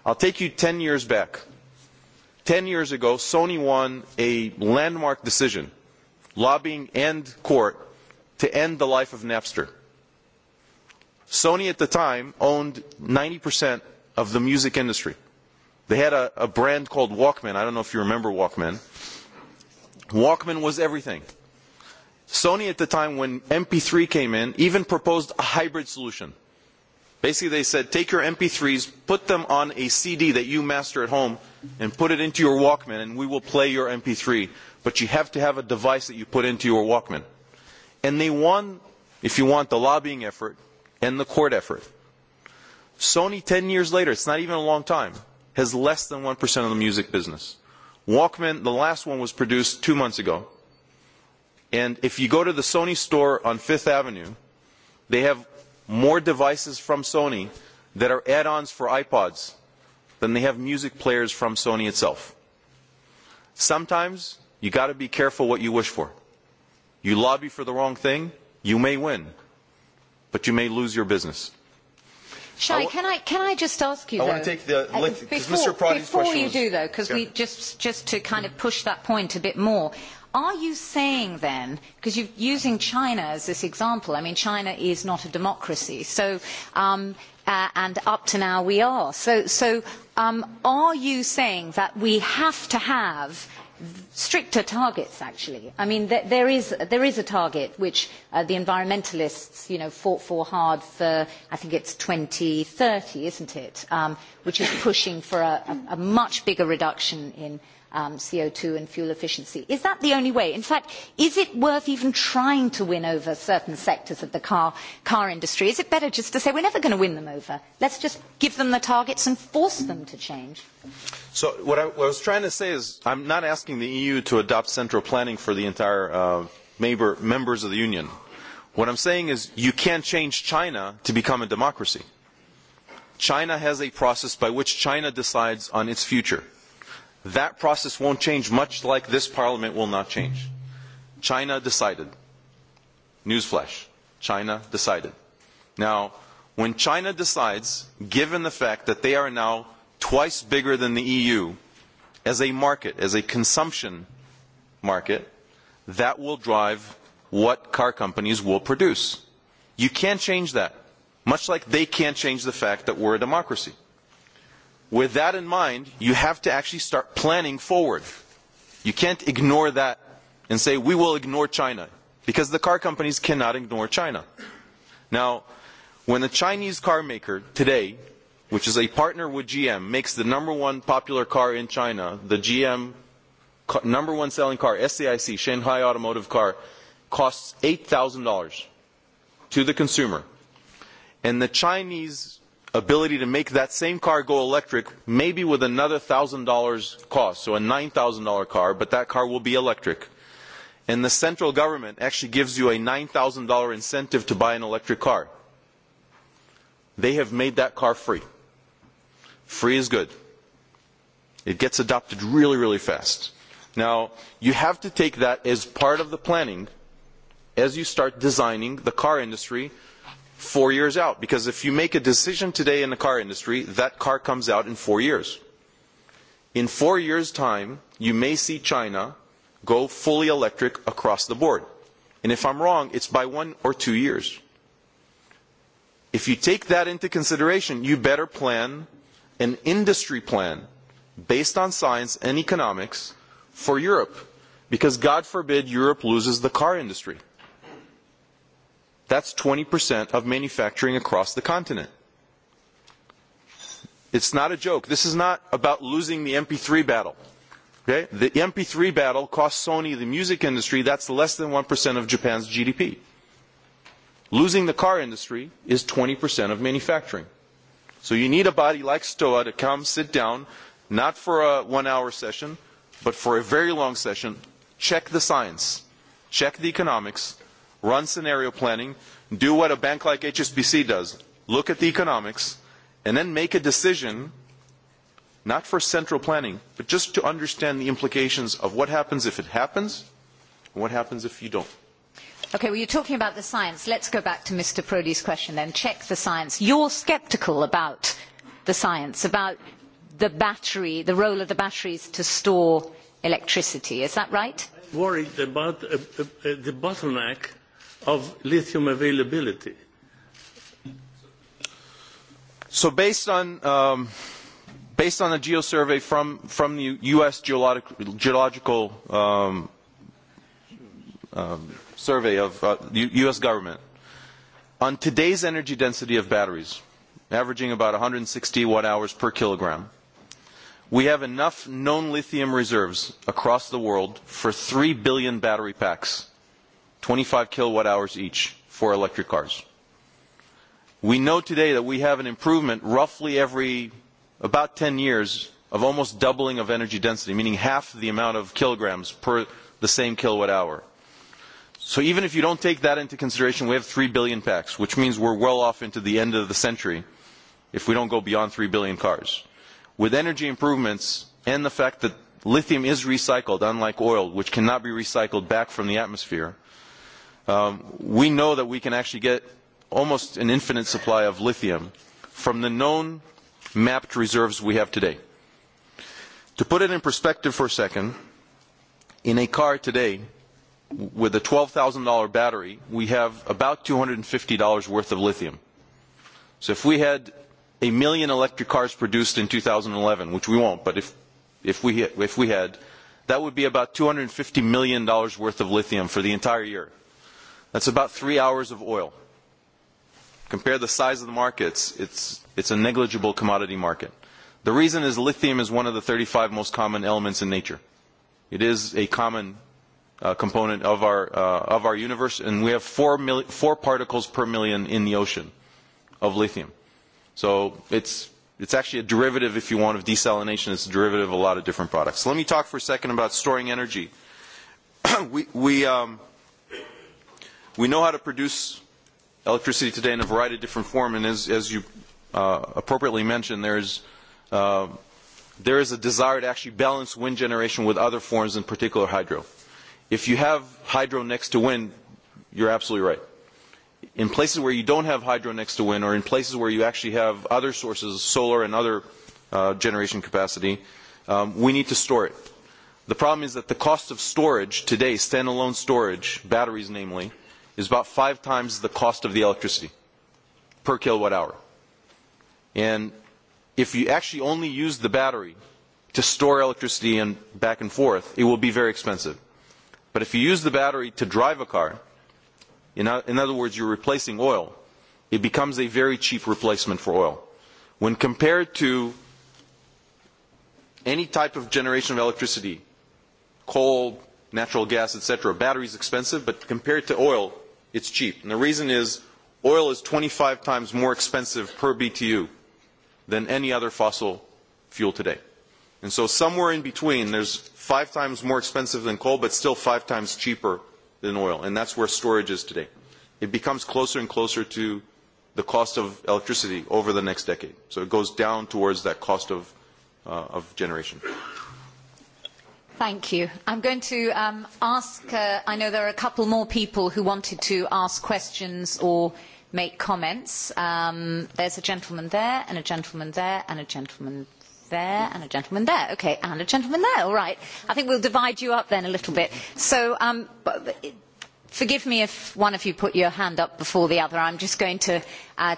I'll take you 10 years back. 10 years ago, Sony won a landmark decision, lobbying and court, to end the life of Napster. Sony at the time owned 90% of the music industry. They had a, a brand called Walkman. I don't know if you remember Walkman. Walkman was everything. Sony at the time, when MP3 came in, even proposed a hybrid solution. Basically, they said, take your MP3s, put them on a CD that you master at home, and put it into your Walkman, and we will play your MP3. But you have to have a device that you put into your Walkman. And they won, if you want, the lobbying effort and the court effort. Sony, 10 years later, it's not even a long time, has less than 1% of the music business. Walkman, the last one was produced two months ago. And if you go to the Sony store on Fifth Avenue, they have more devices from Sony that are add ons for iPods than they have music players from Sony itself. Sometimes you got to be careful what you wish for. You lobby for the wrong thing, you may win, but you may lose your business. Shai, I can I can I just ask you? I though, want to take the uh, before, Mr. Prodi's before you was, do though, because yeah. we just just to kind of push that point a bit more. Are you saying then, because you're using China as this example? I mean, China is not a democracy, so um, uh, and up to now we are. So, so um, are you saying that we have to have stricter targets, actually. I mean, there, there, is, there is a target which uh, the environmentalists, you know, fought for hard for, I think it's 2030, isn't it, um, which is pushing for a, a, a much bigger reduction in co two and fuel efficiency. Is that the only way? In fact, is it worth even trying to win over certain sectors of the car, industry? Is it better just to say we're never going to win them over? Let's just give them the targets and force them to change. So what I, was trying to say is I'm not asking the EU to adopt central planning for the entire members of the union. What I'm saying is you can't change China to become a democracy. China has a process by which China decides on its future That process won't change, much like this parliament will not change. China decided. Newsflash. China decided. Now, when China decides, given the fact that they are now twice bigger than the EU as a market, as a consumption market, that will drive what car companies will produce. You can't change that, much like they can't change the fact that we're a democracy. With that in mind, you have to actually start planning forward. You can't ignore that and say, we will ignore China, because the car companies cannot ignore China. Now, when a Chinese car maker today, which is a partner with GM, makes the number one popular car in China, the GM number one selling car, SAIC, Shanghai Automotive Car, costs $8,000 to the consumer. And the Chinese ability to make that same car go electric, maybe with another $1,000 cost, so a $9,000 car, but that car will be electric. And the central government actually gives you a $9,000 incentive to buy an electric car. They have made that car free. Free is good. It gets adopted really, really fast. Now, you have to take that as part of the planning as you start designing the car industry four years out. Because if you make a decision today in the car industry, that car comes out in four years. In four years' time, you may see China go fully electric across the board. And if I'm wrong, it's by one or two years. If you take that into consideration, you better plan an industry plan based on science and economics for Europe, because God forbid Europe loses the car industry. That's 20% of manufacturing across the continent. It's not a joke. This is not about losing the MP3 battle. Okay? The MP3 battle costs Sony, the music industry, that's less than 1% of Japan's GDP. Losing the car industry is 20% of manufacturing. So you need a body like STOA to come sit down, not for a one hour session, but for a very long session, check the science, check the economics, run scenario planning, do what a bank like HSBC does, look at the economics, and then make a decision, not for central planning, but just to understand the implications of what happens if it happens and what happens if you don't. Okay, well, you're talking about the science. Let's go back to Mr. Prodi's question then. Check the science. You're sceptical about the science, about the battery, the role of the batteries to store electricity. Is that right? Worried about the bottleneck of lithium availability? So based on um, based on a geo survey from from the U.S. Geologic, geological um, um, survey of uh, U.S. government on today's energy density of batteries, averaging about 160 watt hours per kilogram, we have enough known lithium reserves across the world for 3 billion battery packs. 25 kilowatt hours each for electric cars. We know today that we have an improvement roughly every about 10 years of almost doubling of energy density, meaning half the amount of kilograms per the same kilowatt hour. So even if you don't take that into consideration, we have 3 billion packs, which means we're well off into the end of the century if we don't go beyond 3 billion cars. With energy improvements and the fact that lithium is recycled, unlike oil, which cannot be recycled back from the atmosphere, we know that we can actually get almost an infinite supply of lithium from the known mapped reserves we have today. To put it in perspective for a second, in a car today with a $12,000 battery, we have about $250 worth of lithium. So if we had a million electric cars produced in 2011, which we won't, but if, if, we, if we had, that would be about $250 million worth of lithium for the entire year That's about three hours of oil. Compare the size of the markets, it's, it's a negligible commodity market. The reason is lithium is one of the 35 most common elements in nature. It is a common uh, component of our, uh, of our universe, and we have four, mil four particles per million in the ocean of lithium. So it's, it's actually a derivative, if you want, of desalination. It's a derivative of a lot of different products. Let me talk for a second about storing energy. we, we, um, We know how to produce electricity today in a variety of different forms, and as, as you uh, appropriately mentioned, there is, uh, there is a desire to actually balance wind generation with other forms, in particular hydro. If you have hydro next to wind, you're absolutely right. In places where you don't have hydro next to wind, or in places where you actually have other sources, solar and other uh, generation capacity, um, we need to store it. The problem is that the cost of storage today, standalone storage, batteries namely, uh, is about five times the cost of the electricity per kilowatt hour. And if you actually only use the battery to store electricity and back and forth, it will be very expensive. But if you use the battery to drive a car, in, other words, you're replacing oil, it becomes a very cheap replacement for oil. When compared to any type of generation of electricity, coal, natural gas, etc., battery is expensive, but compared to oil, It's cheap. And the reason is oil is 25 times more expensive per BTU than any other fossil fuel today. And so somewhere in between, there's five times more expensive than coal, but still five times cheaper than oil. And that's where storage is today. It becomes closer and closer to the cost of electricity over the next decade. So it goes down towards that cost of, uh, of generation. Thank you. I'm going to um, ask, uh, I know there are a couple more people who wanted to ask questions or make comments. Um, there's a gentleman there, and a gentleman there, and a gentleman there, and a gentleman there. Okay, and a gentleman there. All right. I think we'll divide you up then a little bit. So, um, Forgive me if one of you put your hand up before the other. I am just going to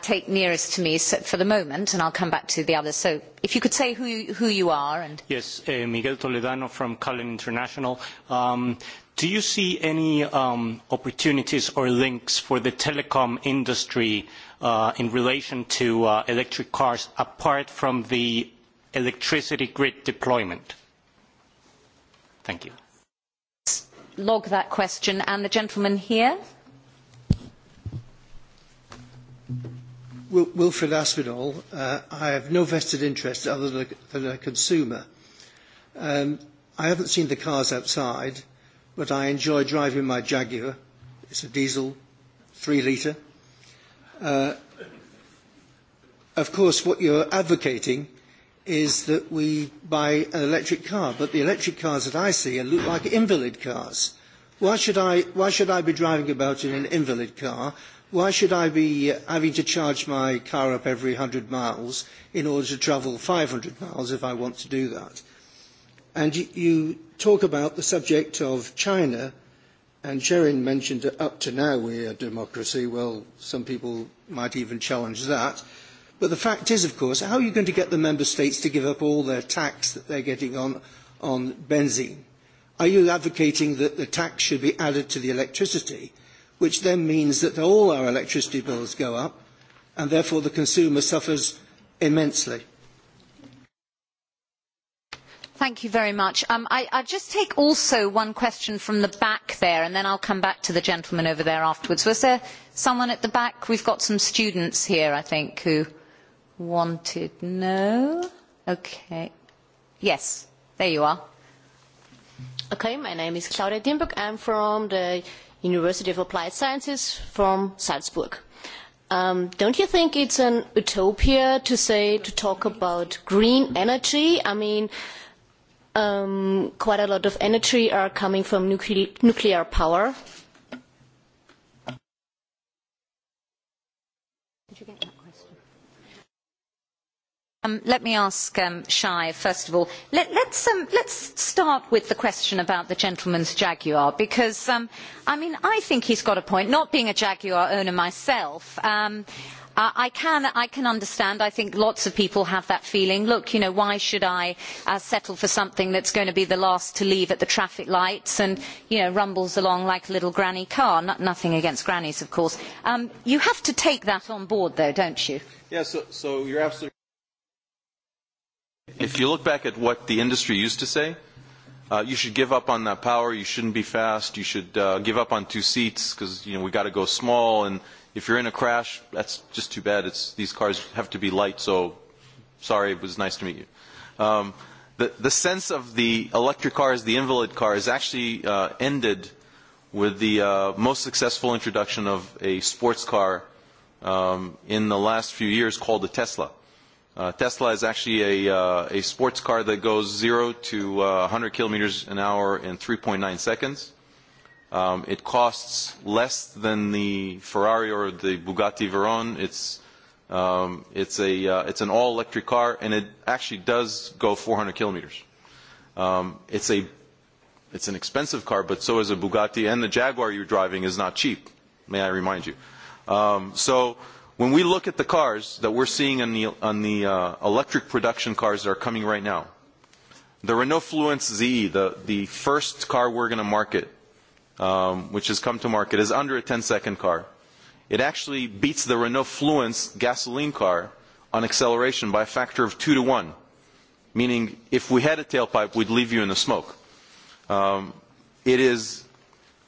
take nearest to me for the moment, and I will come back to the others. So if you could say who, you are. And yes, Miguel Toledano from Cullen International. do you see any opportunities or links for the telecom industry in relation to electric cars apart from the electricity grid deployment? Thank you log that question. And the gentleman here. Wilfred Aspinall, uh, I have no vested interest other than a, than a consumer. Um, I haven't seen the cars outside, but I enjoy driving my Jaguar. It's a diesel, three litre. Uh, of course, what you're advocating is that we buy an electric car, but the electric cars that I see look like invalid cars. Why should I, why should I be driving about in an invalid car? Why should I be having to charge my car up every 100 miles in order to travel 500 miles if I want to do that? And you talk about the subject of China, and Sharon mentioned that up to now we are a democracy. Well, some people might even challenge that. But the fact is, of course, how are you going to get the member states to give up all their tax that they're getting on, on benzene? Are you advocating that the tax should be added to the electricity, which then means that all our electricity bills go up, and therefore the consumer suffers immensely? Thank you very much. Um, I, I'll just take also one question from the back there, and then I'll come back to the gentleman over there afterwards. Was there someone at the back? We've got some students here, I think, who wanted. No? Okay. Yes, there you are. Okay, my name is Claudia Dimburg. I'm from the University of Applied Sciences from Salzburg. Um, don't you think it's an utopia to say, to talk about green energy? I mean, um, quite a lot of energy are coming from nuclear nuclear power let me ask Shai, first of all. Let, us start with the question about the gentleman's Jaguar, because I mean, I think he's got a point. Not being a Jaguar owner myself, I can, understand. I think lots of people have that feeling. Look, you know, why should I settle for something that's going to be the last to leave at the traffic lights and, you know, rumbles along like a little granny car? nothing against grannies, of course. you have to take that on board, though, don't you? Yes, so, so you're absolutely If you look back at what the industry used to say, uh, you should give up on that power. You shouldn't be fast. You should uh, give up on two seats because you know we got to go small. And if you're in a crash, that's just too bad. It's these cars have to be light. So, sorry. It was nice to meet you. Um, the the sense of the electric car as the invalid car is actually uh, ended with the uh, most successful introduction of a sports car um, in the last few years called the Tesla Uh, Tesla is actually a, uh, a sports car that goes zero to uh, 100 kilometers an hour in 3.9 seconds. Um, it costs less than the Ferrari or the Bugatti Veyron. It's, um, it's, a, uh, it's an all-electric car, and it actually does go 400 kilometers. Um, it's, a, it's an expensive car, but so is a Bugatti, and the Jaguar you're driving is not cheap, may I remind you. Um, so When we look at the cars that we're seeing on the, on the uh, electric production cars that are coming right now, the Renault Fluence ZE, the, the first car we're going to market, um, which has come to market, is under a 10-second car. It actually beats the Renault Fluence gasoline car on acceleration by a factor of two to one, meaning if we had a tailpipe, we'd leave you in the smoke. Um, it is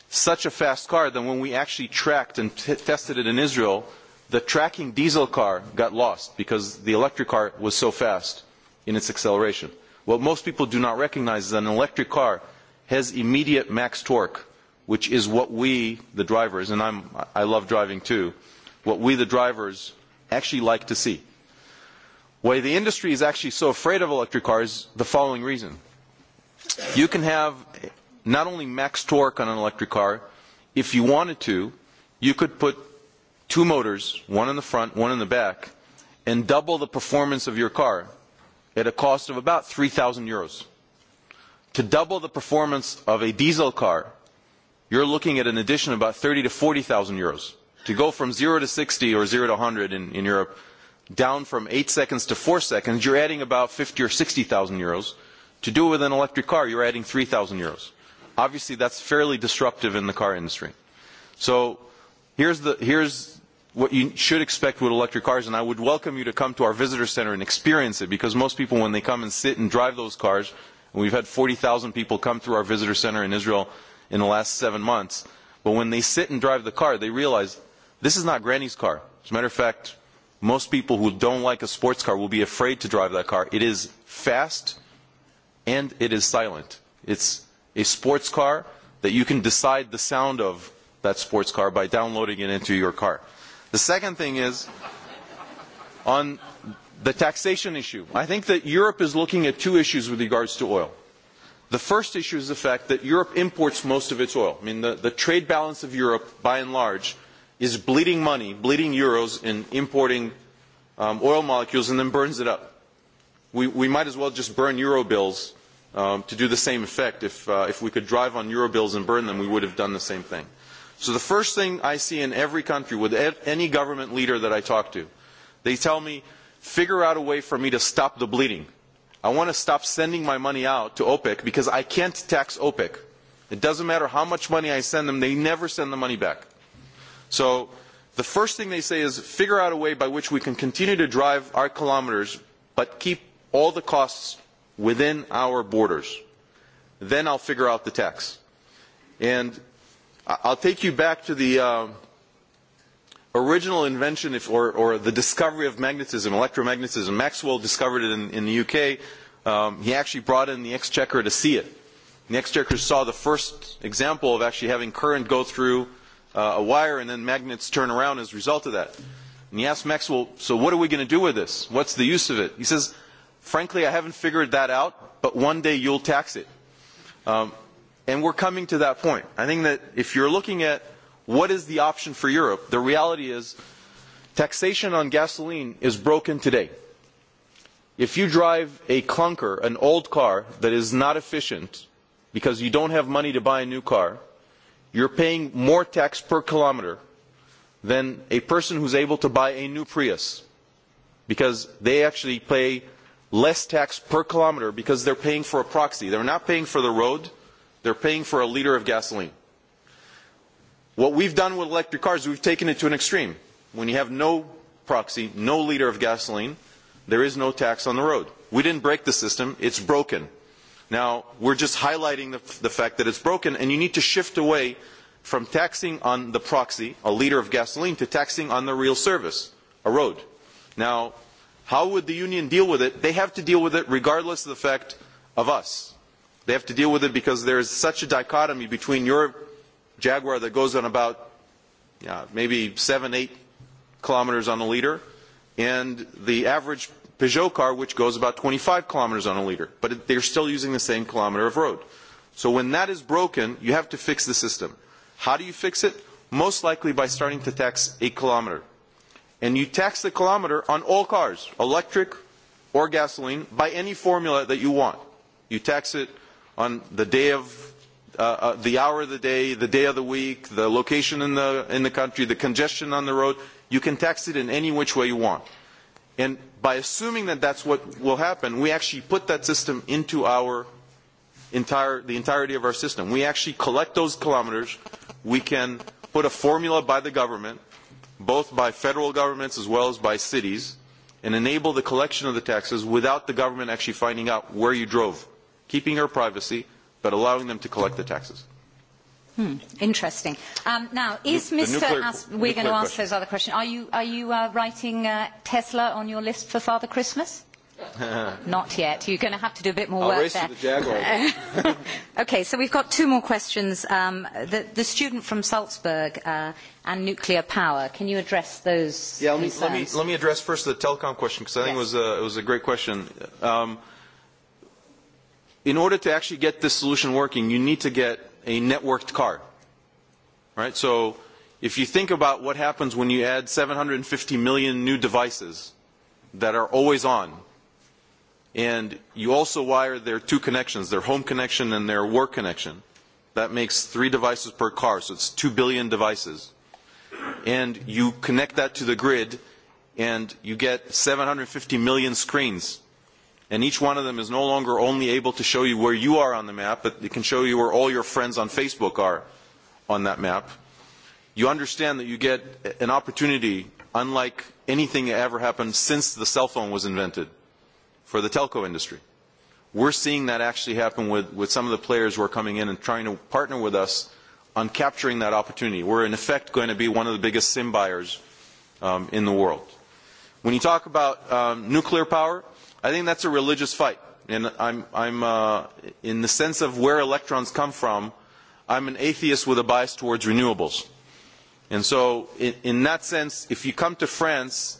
such a fast car that when we actually tracked and t- tested it in Israel – the tracking diesel car got lost because the electric car was so fast in its acceleration. What most people do not recognize is that an electric car has immediate max torque, which is what we, the drivers, and I'm, I love driving too, what we, the drivers, actually like to see. Why the industry is actually so afraid of electric cars, is the following reason. You can have not only max torque on an electric car, if you wanted to, you could put two motors, one in the front, one in the back, and double the performance of your car at a cost of about 3,000 euros. To double the performance of a diesel car, you're looking at an addition of about 30 to 40,000 euros. To go from 0 to 60 or 0 to 100 in, in Europe, down from 8 seconds to 4 seconds, you're adding about 50 or 60,000 euros. To do it with an electric car, you're adding 3,000 euros. Obviously, that's fairly disruptive in the car industry. So Here's, the, here's what you should expect with electric cars, and I would welcome you to come to our visitor center and experience it, because most people, when they come and sit and drive those cars, and we've had 40,000 people come through our visitor center in Israel in the last seven months, but when they sit and drive the car, they realize this is not Granny's car. As a matter of fact, most people who don't like a sports car will be afraid to drive that car. It is fast and it is silent. It's a sports car that you can decide the sound of that sports car by downloading it into your car. The second thing is on the taxation issue. I think that Europe is looking at two issues with regards to oil. The first issue is the fact that Europe imports most of its oil. I mean, the, the trade balance of Europe, by and large, is bleeding money, bleeding euros in importing um, oil molecules and then burns it up. We, we might as well just burn euro bills um, to do the same effect. If, uh, if we could drive on euro bills and burn them, we would have done the same thing. So the first thing I see in every country with any government leader that I talk to, they tell me, figure out a way for me to stop the bleeding. I want to stop sending my money out to OPEC because I can't tax OPEC. It doesn't matter how much money I send them, they never send the money back. So the first thing they say is figure out a way by which we can continue to drive our kilometers but keep all the costs within our borders. Then I'll figure out the tax. And I'll take you back to the uh, original invention if, or, or the discovery of magnetism, electromagnetism. Maxwell discovered it in, in the UK. Um, he actually brought in the exchequer to see it. the exchequer saw the first example of actually having current go through uh, a wire and then magnets turn around as a result of that. And he asked Maxwell, so what are we going to do with this? What's the use of it? He says, frankly, I haven't figured that out, but one day you'll tax it. Um, And we're coming to that point. I think that if you're looking at what is the option for Europe, the reality is taxation on gasoline is broken today. If you drive a clunker, an old car that is not efficient because you don't have money to buy a new car, you're paying more tax per kilometer than a person who's able to buy a new Prius because they actually pay less tax per kilometer because they're paying for a proxy. They're not paying for the road, They're paying for a liter of gasoline. What we've done with electric cars, we've taken it to an extreme. When you have no proxy, no liter of gasoline, there is no tax on the road. We didn't break the system, it's broken. Now, we're just highlighting the, the fact that it's broken, and you need to shift away from taxing on the proxy, a liter of gasoline, to taxing on the real service, a road. Now, how would the union deal with it? They have to deal with it regardless of the fact of us. They have to deal with it because there is such a dichotomy between your Jaguar that goes on about know, maybe seven, eight kilometers on a liter, and the average Peugeot car, which goes about 25 kilometers on a liter, but they're still using the same kilometer of road. So when that is broken, you have to fix the system. How do you fix it? Most likely by starting to tax a kilometer. And you tax the kilometer on all cars, electric or gasoline, by any formula that you want. You tax it on the day of uh, the hour of the day, the day of the week, the location in the, in the country, the congestion on the road. You can tax it in any which way you want. And by assuming that that's what will happen, we actually put that system into our entire, the entirety of our system. We actually collect those kilometers. We can put a formula by the government, both by federal governments as well as by cities, and enable the collection of the taxes without the government actually finding out where you drove keeping our privacy, but allowing them to collect the taxes. Hmm, interesting. Um, now, is Mr. As- we're going to ask those other questions. Are you, are you uh, writing uh, Tesla on your list for Father Christmas? Not yet. You're going to have to do a bit more I'll work race there. To the Jaguar. okay, so we've got two more questions. Um, the, the student from Salzburg uh, and nuclear power. Can you address those? Yeah, let me, let me, let me address first the telecom question because I think it, was a, it was a great question. Um, uh, in order to actually get this solution working, you need to get a networked car. Right? So if you think about what happens when you add 750 million new devices that are always on, and you also wire their two connections, their home connection and their work connection, that makes three devices per car, so it's two billion devices. And you connect that to the grid, and you get 750 million screens and each one of them is no longer only able to show you where you are on the map, but it can show you where all your friends on Facebook are on that map. You understand that you get an opportunity unlike anything that ever happened since the cell phone was invented for the telco industry. We're seeing that actually happen with, with some of the players who are coming in and trying to partner with us on capturing that opportunity. We're in effect going to be one of the biggest sim buyers um, in the world. When you talk about um, nuclear power, I think that's a religious fight. And I'm, I'm uh, in the sense of where electrons come from, I'm an atheist with a bias towards renewables. And so, in, in that sense, if you come to France,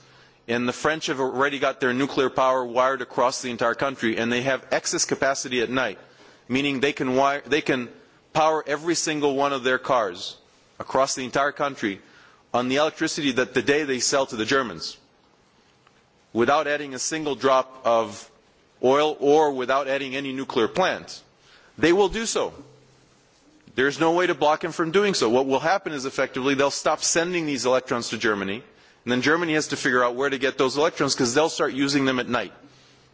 and the French have already got their nuclear power wired across the entire country, and they have excess capacity at night, meaning they can, wire, they can power every single one of their cars across the entire country on the electricity that the day they sell to the Germans without adding a single drop of oil or without adding any nuclear plants. They will do so. There is no way to block them from doing so. What will happen is effectively they'll stop sending these electrons to Germany, and then Germany has to figure out where to get those electrons because they'll start using them at night.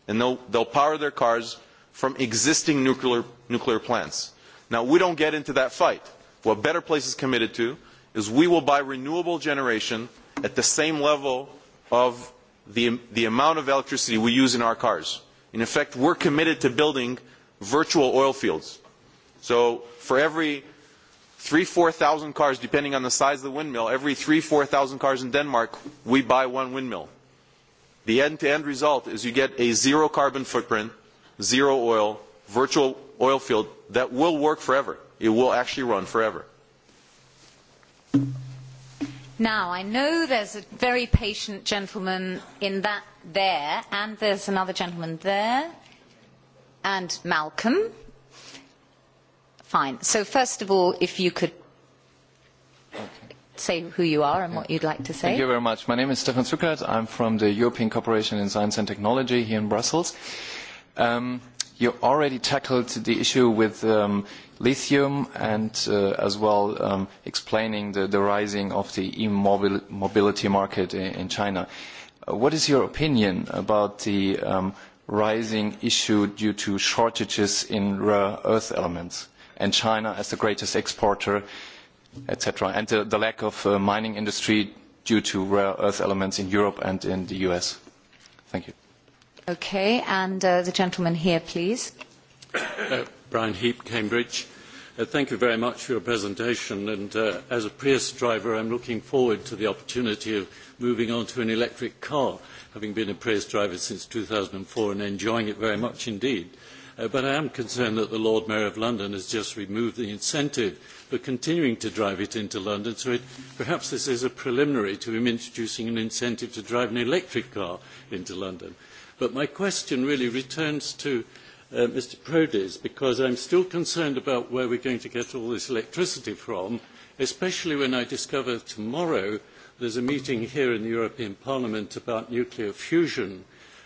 And they'll, they'll power their cars from existing nuclear, nuclear plants. Now, we don't get into that fight. What Better Place is committed to is we will buy renewable generation at the same level of the, the amount of electricity we use in our cars. In effect, we're committed to building virtual oil fields. So for every three, four thousand cars, depending on the size of the windmill, every three, four thousand cars in Denmark, we buy one windmill. The end-to-end result is you get a zero carbon footprint, zero oil, virtual oil field that will work forever. It will actually run forever. Thank you. Now, I know there's a very patient gentleman in that there, and there's another gentleman there, and Malcolm. Fine. So first of all, if you could say who you are and what you'd like to say. Thank you very much. My name is Stefan Zuckert. I'm from the European Cooperation in Science and Technology here in Brussels. Um, you already tackled the issue with lithium and as well explaining the rising of the e-mobility market in China. What is your opinion about the rising issue due to shortages in rare earth elements and China as the greatest exporter, etc., and the lack of mining industry due to rare earth elements in Europe and in the U.S.? Thank you. Okay, and uh, the gentleman here, please. Uh, Brian Heap, Cambridge. Uh, thank you very much for your presentation. And uh, as a Prius driver, I'm looking forward to the opportunity of moving on to an electric car, having been a Prius driver since 2004 and enjoying it very much indeed. Uh, but I am concerned that the Lord Mayor of London has just removed the incentive for continuing to drive it into London. So it, perhaps this is a preliminary to him introducing an incentive to drive an electric car into London. But my question really returns to uh, Mr. Prodis, because I'm still concerned about where we're going to get all this electricity from, especially when I discover tomorrow there's a meeting here in the European Parliament about nuclear fusion,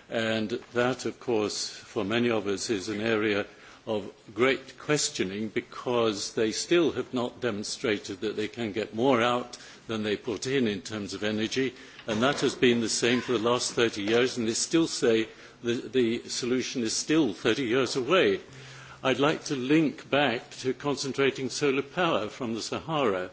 and that, of course, for many of us is an area of great questioning because they still have not demonstrated that they can get more out than they put in in terms of energy and that has been the same for the last thirty years and they still say that the solution is still thirty years away. I would like to link back to concentrating solar power from the Sahara,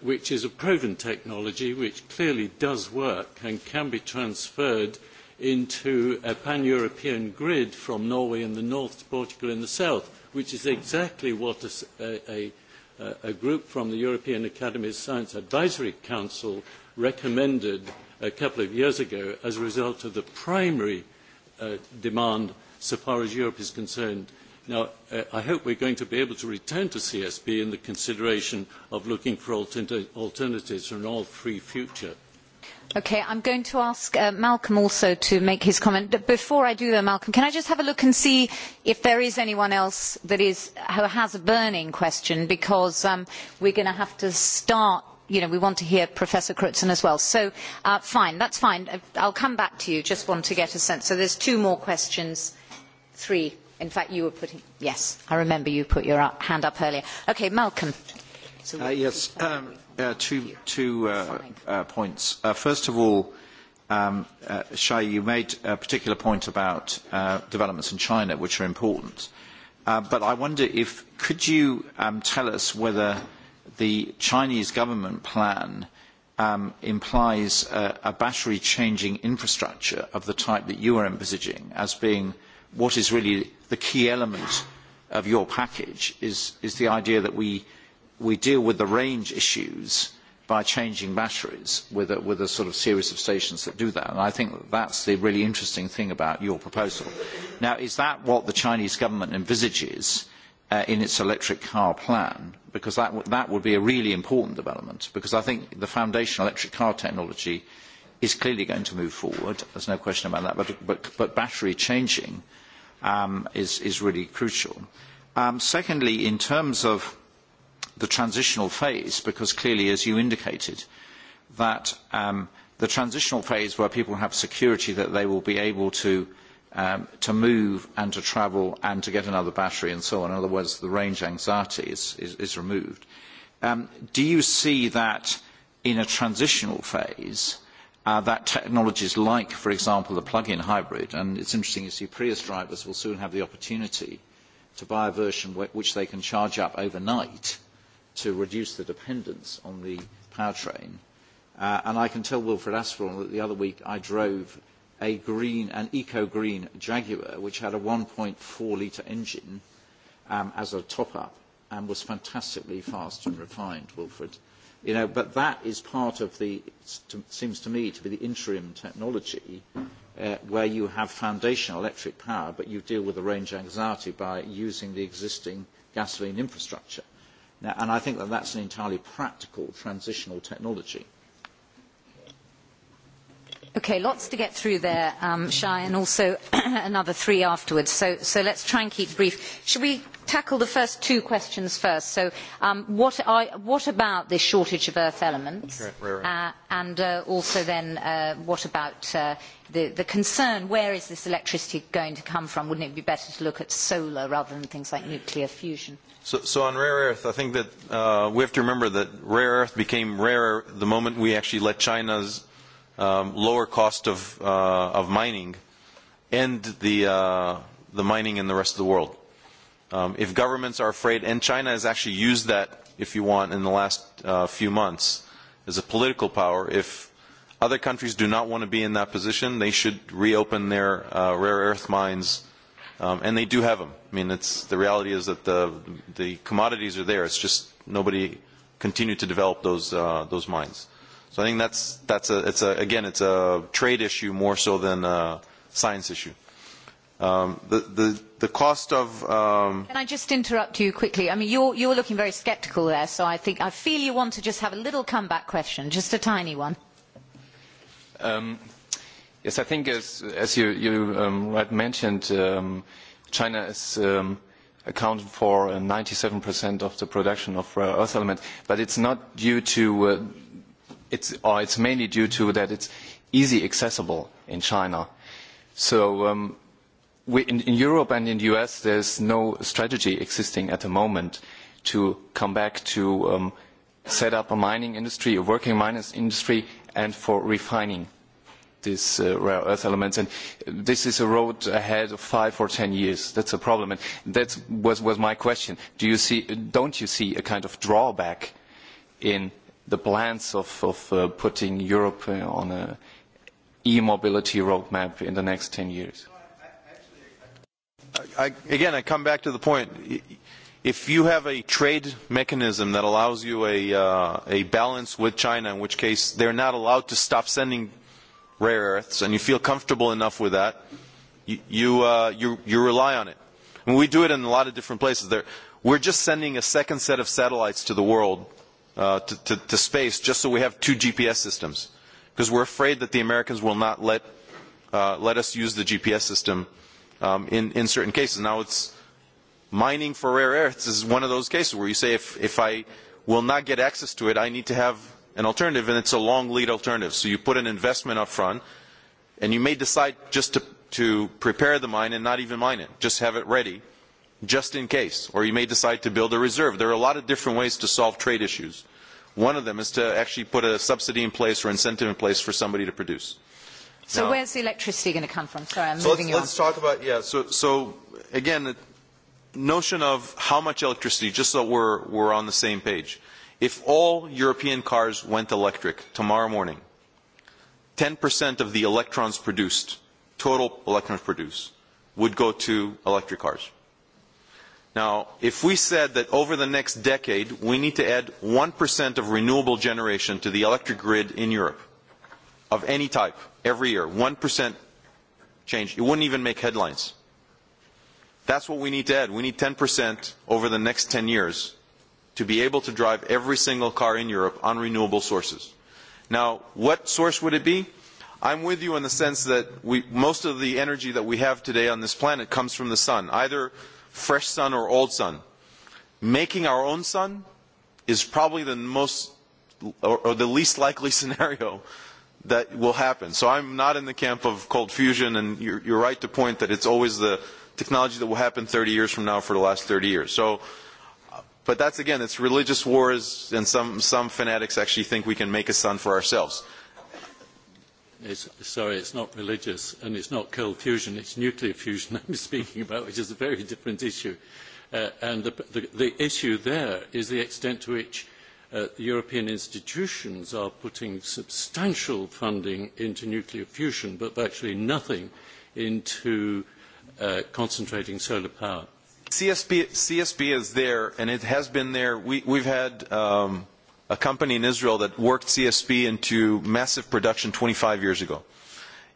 which is a proven technology which clearly does work and can be transferred into a pan-European grid from Norway in the north to Portugal in the south, which is exactly what a, group from the European Academy of Science Advisory Council recommended a couple of years ago as a result of the primary demand so far as Europe is concerned. Now, I hope we are going to be able to return to CSB in the consideration of looking for alternatives for an all free future. Okay, I'm going to ask Malcolm also to make his comment. But before I do though, Malcolm, can I just have a look and see if there is anyone else that is, who has a burning question? Because um, we're going to have to start you know, we want to hear Professor Crutzen as well. So, uh, fine, that's fine. I'll come back to you. Just want to get a sense. So there's two more questions. Three. In fact, you were putting... Yes, I remember you put your hand up earlier. Okay, Malcolm. So uh, yes, um, uh, two, two uh, uh, points. Uh, first of all, um, uh, Shai, you made a particular point about uh, developments in China, which are important. Uh, but I wonder if, could you um, tell us whether the Chinese government plan implies a, battery changing infrastructure of the type that you are envisaging as being what is really the key element of your package is, the idea that we, we deal with the range issues by changing batteries with a, with a sort of series of stations that do that. And I think that that's the really interesting thing about your proposal. Now, is that what the Chinese government envisages? in its electric car plan, because that, that would be a really important development, because I think the foundation electric car technology is clearly going to move forward. There's no question about that. But, but, but battery changing um, is, is really crucial. Um, secondly, in terms of the transitional phase, because clearly, as you indicated, that um, the transitional phase where people have security that they will be able to to move and to travel and to get another battery and so on. In other words, the range anxiety is, is, is removed. do you see that in a transitional phase, that technologies like, for example, the plug-in hybrid, and it's interesting you see Prius drivers will soon have the opportunity to buy a version which they can charge up overnight to reduce the dependence on the powertrain. and I can tell Wilfred Aspiron that the other week I drove a green, an eco-green Jaguar, which had a one four litre engine as a top-up and was fantastically fast and refined, Wilfred. You know, but that is part of the, seems to me to be the interim technology where you have foundational electric power, but you deal with the range anxiety by using the existing gasoline infrastructure. Now, and I think that that's an entirely practical transitional technology Okay, lots to get through there, um, Shai, and also another three afterwards. So, so let's try and keep brief. Should we tackle the first two questions first? So, um, what, are, what about this shortage of earth elements? Uh, and uh, also then, uh, what about uh, the, the concern, where is this electricity going to come from? Wouldn't it be better to look at solar rather than things like nuclear fusion? So, so on rare earth, I think that uh, we have to remember that rare earth became rarer the moment we actually let China's um, lower cost of, uh, of mining and the, uh, the mining in the rest of the world. Um, if governments are afraid, and China has actually used that, if you want, in the last uh, few months as a political power, if other countries do not want to be in that position, they should reopen their uh, rare earth mines. Um, and they do have them. I mean, it's, the reality is that the, the commodities are there. It's just nobody continued to develop those, uh, those mines. So I think that's that's a it's a again it's a trade issue more so than a science issue. Um, the the the cost of um, can I just interrupt you quickly? I mean, you're you're looking very sceptical there, so I think I feel you want to just have a little comeback question, just a tiny one. Um, yes, I think as as you you um, right mentioned, um, China is. Um, accounted for 97% of the production of rare earth elements, but it's not due to uh it's, or it's mainly due to that it's easy accessible in China. So um, we, in, in Europe and in the US, there's no strategy existing at the moment to come back to um, set up a mining industry, a working miners industry, and for refining these uh, rare earth elements. And this is a road ahead of five or ten years. That's a problem. And that was, was my question. Do you see, don't you see a kind of drawback in the plans of, of uh, putting Europe on an e-mobility roadmap in the next 10 years? I, again, I come back to the point. If you have a trade mechanism that allows you a, uh, a balance with China, in which case they're not allowed to stop sending rare earths, and you feel comfortable enough with that, you, you, uh, you, you rely on it. we do it in a lot of different places. There, we're just sending a second set of satellites to the world to, to space just so we have two GPS systems, because we're afraid that the Americans will not let uh, let us use the GPS system um, in in certain cases. Now, it's mining for rare earths is one of those cases where you say if if I will not get access to it, I need to have an alternative, and it's a long lead alternative. So you put an investment up front, and you may decide just to to prepare the mine and not even mine it, just have it ready just in case, or you may decide to build a reserve. There are a lot of different ways to solve trade issues. One of them is to actually put a subsidy in place or incentive in place for somebody to produce. So where's the electricity going to come from? Sorry, I'm so moving let's, you let's talk about, yeah, so, so again, the notion of how much electricity, just so we're, we're on the same page. If all European cars went electric tomorrow morning, 10% of the electrons produced, total electrons produced, would go to electric cars. Now, if we said that over the next decade we need to add 1% of renewable generation to the electric grid in Europe, of any type, every year, 1% change, it wouldn't even make headlines. That's what we need to add. We need 10% over the next 10 years to be able to drive every single car in Europe on renewable sources. Now, what source would it be? I'm with you in the sense that we, most of the energy that we have today on this planet comes from the sun, either fresh sun or old sun. Making our own sun is probably the most or, or the least likely scenario that will happen. So I'm not in the camp of cold fusion, and you're, you're right to point that it's always the technology that will happen 30 years from now for the last 30 years. So, but that's again, it's religious wars, and some some fanatics actually think we can make a sun for ourselves sorry sorry, is not religious and it is not cold fusion, it is nuclear fusion I am speaking about, which is a very different issue. and the, the, the issue there is the extent to which the European institutions are putting substantial funding into nuclear fusion, but virtually nothing into concentrating solar power. CSB, is there, and it has been there. We, we've had. Um, a company in Israel that worked CSP into massive production 25 years ago.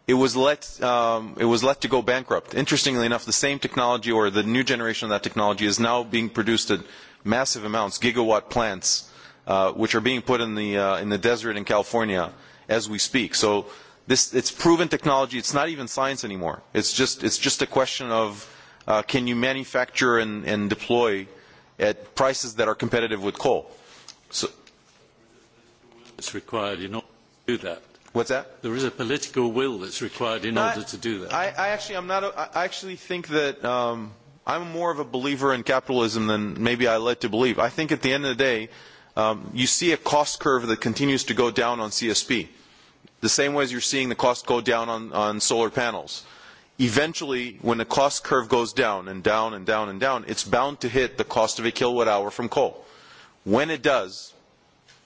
It was let um, it was let to go bankrupt. Interestingly enough, the same technology or the new generation of that technology is now being produced at massive amounts, gigawatt plants, uh, which are being put in the uh, in the desert in California as we speak. So this it's proven technology. It's not even science anymore. It's just it's just a question of uh, can you manufacture and, and deploy at prices that are competitive with coal. So that's required in order to do that. What's that? There is a political will that's required in order to do that. I, I actually, I'm not. A, I actually think that um, I'm more of a believer in capitalism than maybe I led to believe. I think at the end of the day, um, you see a cost curve that continues to go down on CSP, the same way as you're seeing the cost go down on, on solar panels. Eventually, when the cost curve goes down and down and down and down, it's bound to hit the cost of a kilowatt hour from coal. When it does,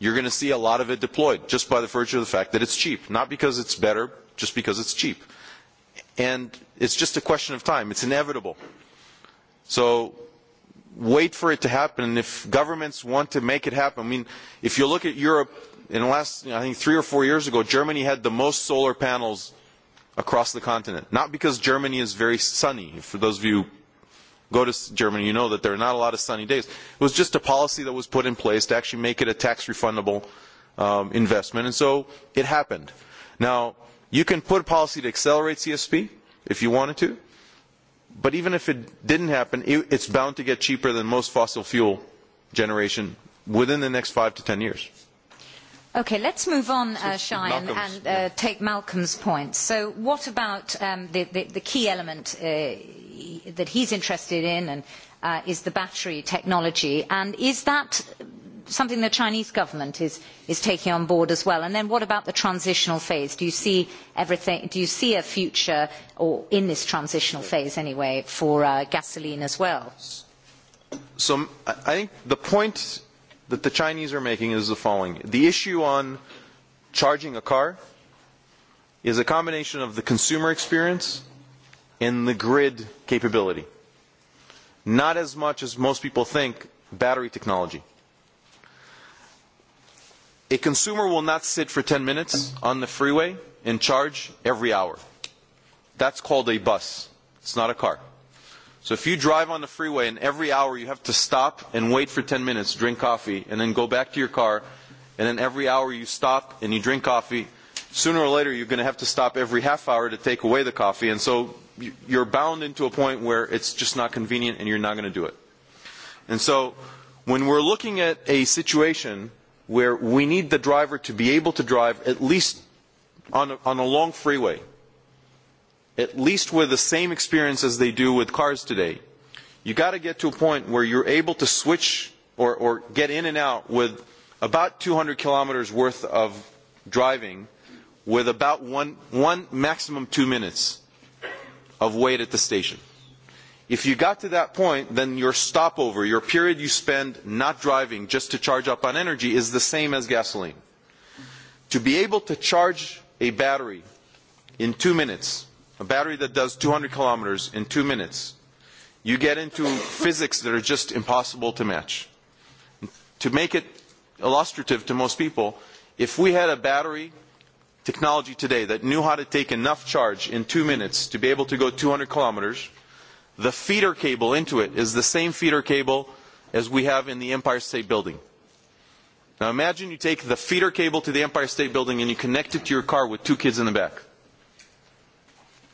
you're going to see a lot of it deployed just by the virtue of the fact that it's cheap, not because it's better, just because it's cheap. And it's just a question of time. It's inevitable. So wait for it to happen. If governments want to make it happen, I mean, if you look at Europe, in the last, I think, three or four years ago, Germany had the most solar panels across the continent. Not because Germany is very sunny, for those of you go to Germany, you know that there are not a lot of sunny days. It was just a policy that was put in place to actually make it a tax refundable um, investment, and so it happened. Now, you can put a policy to accelerate CSP if you wanted to, but even if it didn't happen, it, it's bound to get cheaper than most fossil fuel generation within the next five to ten years. Okay, let's move on, uh, Shine, and uh, take Malcolm's point. So what about um, the, the, the key element uh, that he's interested in and uh, is the battery technology. And is that something the Chinese government is, is taking on board as well? And then what about the transitional phase? Do you see, everything, do you see a future, or in this transitional phase anyway, for uh, gasoline as well? So I think the point that the Chinese are making is the following. The issue on charging a car is a combination of the consumer experience in the grid capability. Not as much as most people think battery technology. A consumer will not sit for 10 minutes on the freeway and charge every hour. That's called a bus. It's not a car. So if you drive on the freeway and every hour you have to stop and wait for 10 minutes, drink coffee, and then go back to your car, and then every hour you stop and you drink coffee, sooner or later you're going to have to stop every half hour to take away the coffee, and so you're bound into a point where it's just not convenient and you're not going to do it. And so when we're looking at a situation where we need the driver to be able to drive at least on a, on a long freeway, at least with the same experience as they do with cars today, you got to get to a point where you're able to switch or, or get in and out with about 200 kilometers worth of driving with about one, one maximum two minutes of wait at the station. If you got to that point, then your stopover, your period you spend not driving just to charge up on energy is the same as gasoline. To be able to charge a battery in two minutes, a battery that does 200 kilometers in two minutes, you get into physics that are just impossible to match. To make it illustrative to most people, if we had a battery technology today that knew how to take enough charge in two minutes to be able to go 200 kilometers. The feeder cable into it is the same feeder cable as we have in the Empire State Building. Now imagine you take the feeder cable to the Empire State Building and you connect it to your car with two kids in the back.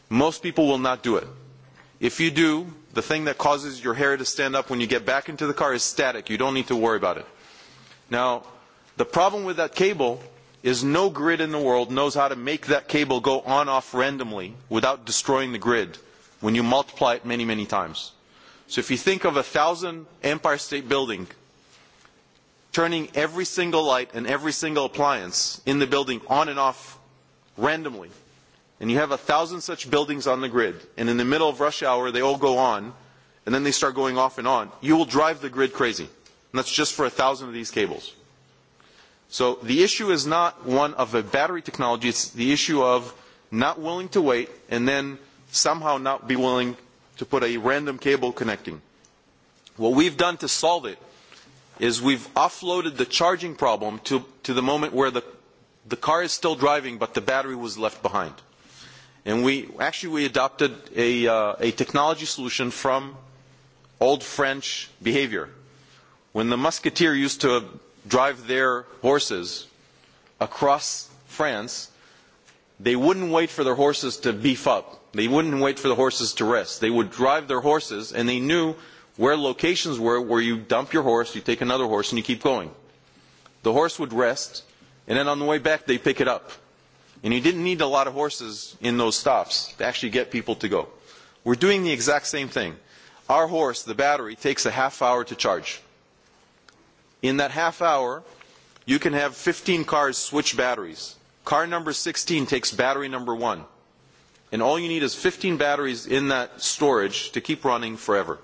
Most people will not do it. If you do, the thing that causes your hair to stand up when you get back into the car is static. You don't need to worry about it. Now, the problem with that cable is no grid in the world knows how to make that cable go on off randomly without destroying the grid when you multiply it many, many times. So if you think of a thousand Empire State Building, turning every single light and every single appliance in the building on and off randomly, and you have a thousand such buildings on the grid, and in the middle of rush hour they all go on, and then they start going off and on, you will drive the grid crazy. And that's just for a thousand of these cables. So the issue is not one of a battery technology, it's the issue of not willing to wait and then somehow not be willing to put a random cable connecting. What we've done to solve it is we've offloaded the charging problem to, to the moment where the, the car is still driving but the battery was left behind. And we actually we adopted a, uh, a technology solution from old French behavior. When the musketeer used to drive their horses across France, they wouldn't wait for their horses to beef up. They wouldn't wait for the horses to rest. They would drive their horses, and they knew where locations were where you dump your horse, you take another horse, and you keep going. The horse would rest, and then on the way back, they pick it up. And you didn't need a lot of horses in those stops to actually get people to go. We're doing the exact same thing. Our horse, the battery, takes a half hour to charge In that half hour, you can have 15 cars switch batteries. Car number 16 takes battery number one. And all you need is 15 batteries in that storage to keep running forever.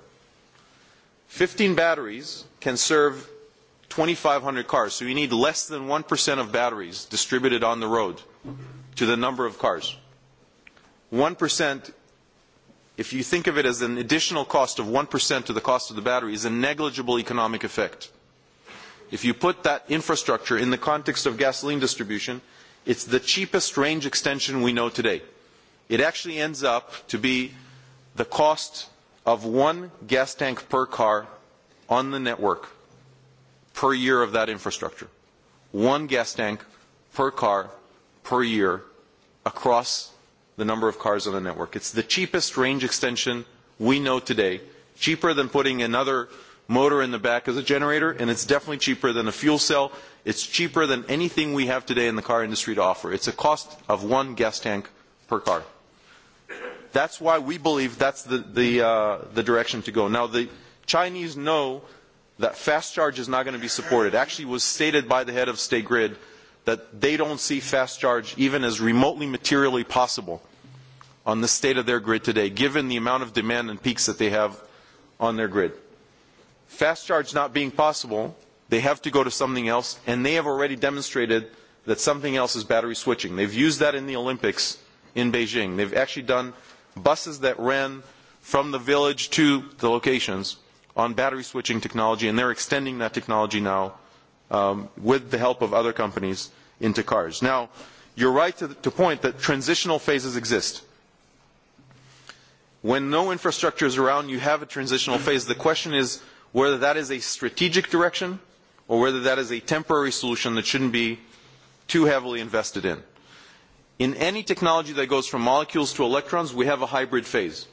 15 batteries can serve 2,500 cars. So you need less than 1% of batteries distributed on the road to the number of cars. 1%, if you think of it as an additional cost of 1% to the cost of the battery, is a negligible economic effect. If you put that infrastructure in the context of gasoline distribution, it's the cheapest range extension we know today. It actually ends up to be the cost of one gas tank per car on the network per year of that infrastructure. One gas tank per car per year across the number of cars on the network. It's the cheapest range extension we know today, cheaper than putting another motor in the back of a generator, and it's definitely cheaper than a fuel cell. It's cheaper than anything we have today in the car industry to offer. It's a cost of one gas tank per car. That's why we believe that's the, the, uh, the direction to go. Now, the Chinese know that fast charge is not going to be supported. Actually, was stated by the head of State Grid that they don't see fast charge even as remotely materially possible on the state of their grid today, given the amount of demand and peaks that they have on their grid fast charge not being possible, they have to go to something else, and they have already demonstrated that something else is battery switching. They've used that in the Olympics in Beijing. They've actually done buses that ran from the village to the locations on battery switching technology, and they're extending that technology now um, with the help of other companies into cars. Now, you're right to, to point that transitional phases exist. When no infrastructure is around, you have a transitional phase. The question is, whether that is a strategic direction or whether that is a temporary solution that shouldn't be too heavily invested in. In any technology that goes from molecules to electrons, we have a hybrid phase.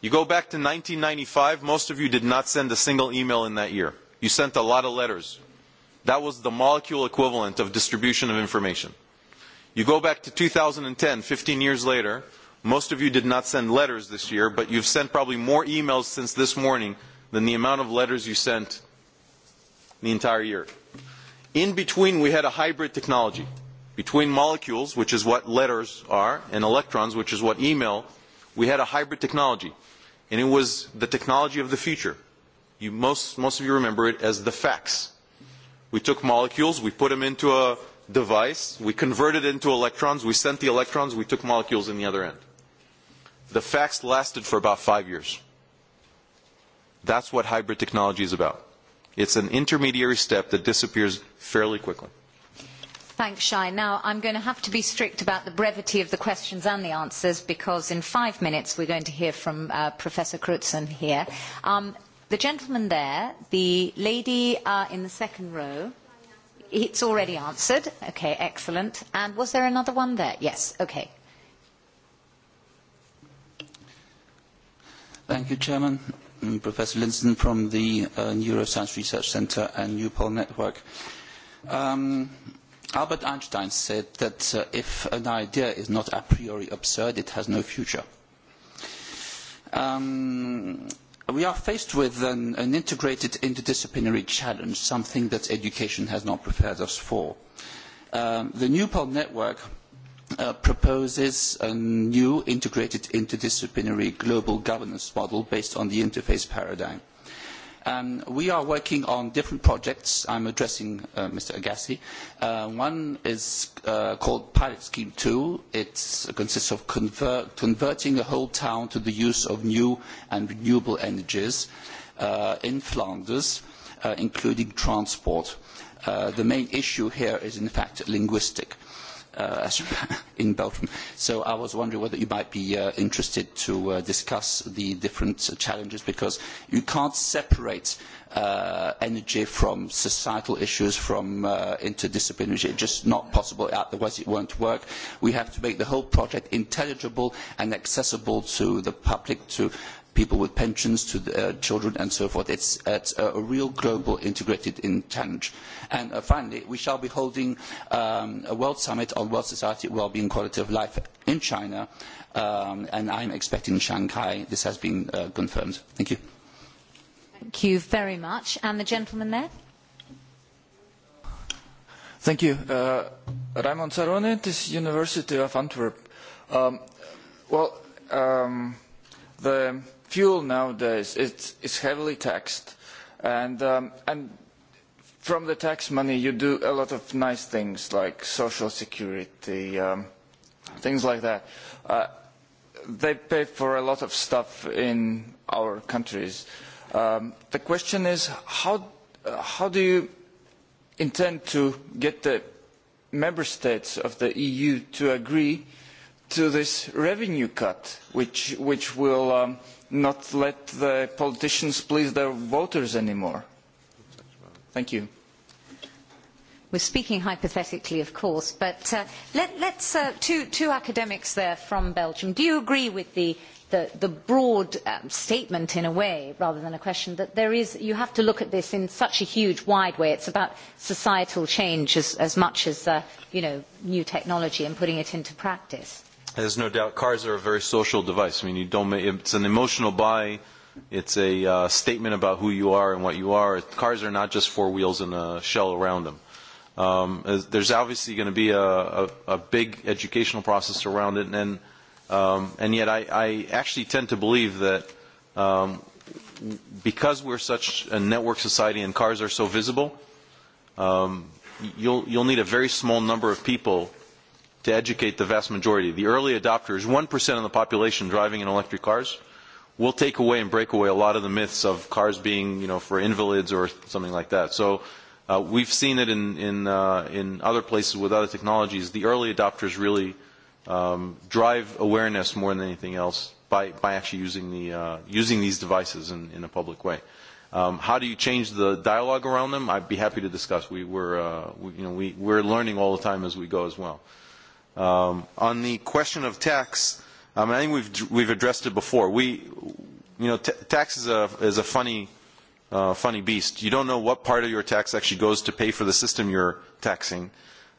You go back to 1995, most of you did not send a single email in that year. You sent a lot of letters. That was the molecule equivalent of distribution of information. You go back to 2010, 15 years later, most of you did not send letters this year, but you've sent probably more emails since this morning than the amount of letters you sent the entire year. In between, we had a hybrid technology between molecules, which is what letters are, and electrons, which is what email. We had a hybrid technology, and it was the technology of the future. You, most, most of you remember it as the fax. We took molecules, we put them into a device, we converted it into electrons, we sent the electrons, we took molecules in the other end. The fax lasted for about five years That's what hybrid technology is about. It's an intermediary step that disappears fairly quickly. Thanks, Shai. Now, I'm going to have to be strict about the brevity of the questions and the answers because in five minutes we're going to hear from uh, Professor Crutzen here. Um, the gentleman there, the lady uh, in the second row, it's already answered. Okay, excellent. And was there another one there? Yes, okay. Thank you, Chairman. Professor Linson from the Neuroscience Research Centre and Newpol Network. Albert Einstein said that if an idea is not a priori absurd, it has no future. we are faced with an, integrated interdisciplinary challenge, something that education has not prepared us for. the Newpol Network proposes a new integrated interdisciplinary global governance model based on the interface paradigm. we are working on different projects. I am addressing Mr. Agassi. one is called Pilot Scheme two. It consists of converting a whole town to the use of new and renewable energies in Flanders, including transport. the main issue here is, in fact, linguistic in Belgium. So I was wondering whether you might be interested to discuss the different challenges because you can't separate energy from societal issues, from interdisciplinary issues. It's just not possible. Otherwise it won't work. We have to make the whole project intelligible and accessible to the public, to people with pensions to their children and so forth. It's, it's a real global integrated in challenge. And uh, finally, we shall be holding um, a World Summit on World Society, Wellbeing, Quality of Life in China, um, and I'm expecting Shanghai. This has been uh, confirmed. Thank you. Thank you very much. And the gentleman there? Thank you. Uh, Raymond Sarone, this University of Antwerp. Um, well, um, the fuel nowadays is, is heavily taxed, and, um, and from the tax money you do a lot of nice things like social security, um, things like that. Uh, they pay for a lot of stuff in our countries. Um, the question is, how, uh, how do you intend to get the member states of the EU to agree uh, to this revenue cut, which, which will not let the politicians please their voters anymore? Thank you. We're speaking hypothetically, of course, but uh, let, let's uh, two, two academics there from Belgium. Do you agree with the the, the broad statement in a way rather than a question that there is you have to look at this in such a huge wide way it's about societal change as, as much as uh, you know new technology and putting it into practice There's no doubt cars are a very social device. I mean, you don't make, it's an emotional buy. It's a uh, statement about who you are and what you are. Cars are not just four wheels and a shell around them. Um, there's obviously going to be a, a, a big educational process around it, and um, and yet I, I actually tend to believe that um, because we're such a network society and cars are so visible, um, you'll you'll need a very small number of people to educate the vast majority. The early adopters, 1% of the population driving in electric cars, will take away and break away a lot of the myths of cars being, you know, for invalids or something like that. So uh, we've seen it in in, uh, in other places with other technologies. The early adopters really um, drive awareness more than anything else by by actually using the uh, using these devices in, in a public way. Um, how do you change the dialogue around them? I'd be happy to discuss. We were, uh, we, you know, we, we're learning all the time as we go as well on the question of tax, I think we've we've addressed it before. We, you know, t tax is a is a funny uh, funny beast. You don't know what part of your tax actually goes to pay for the system you're taxing,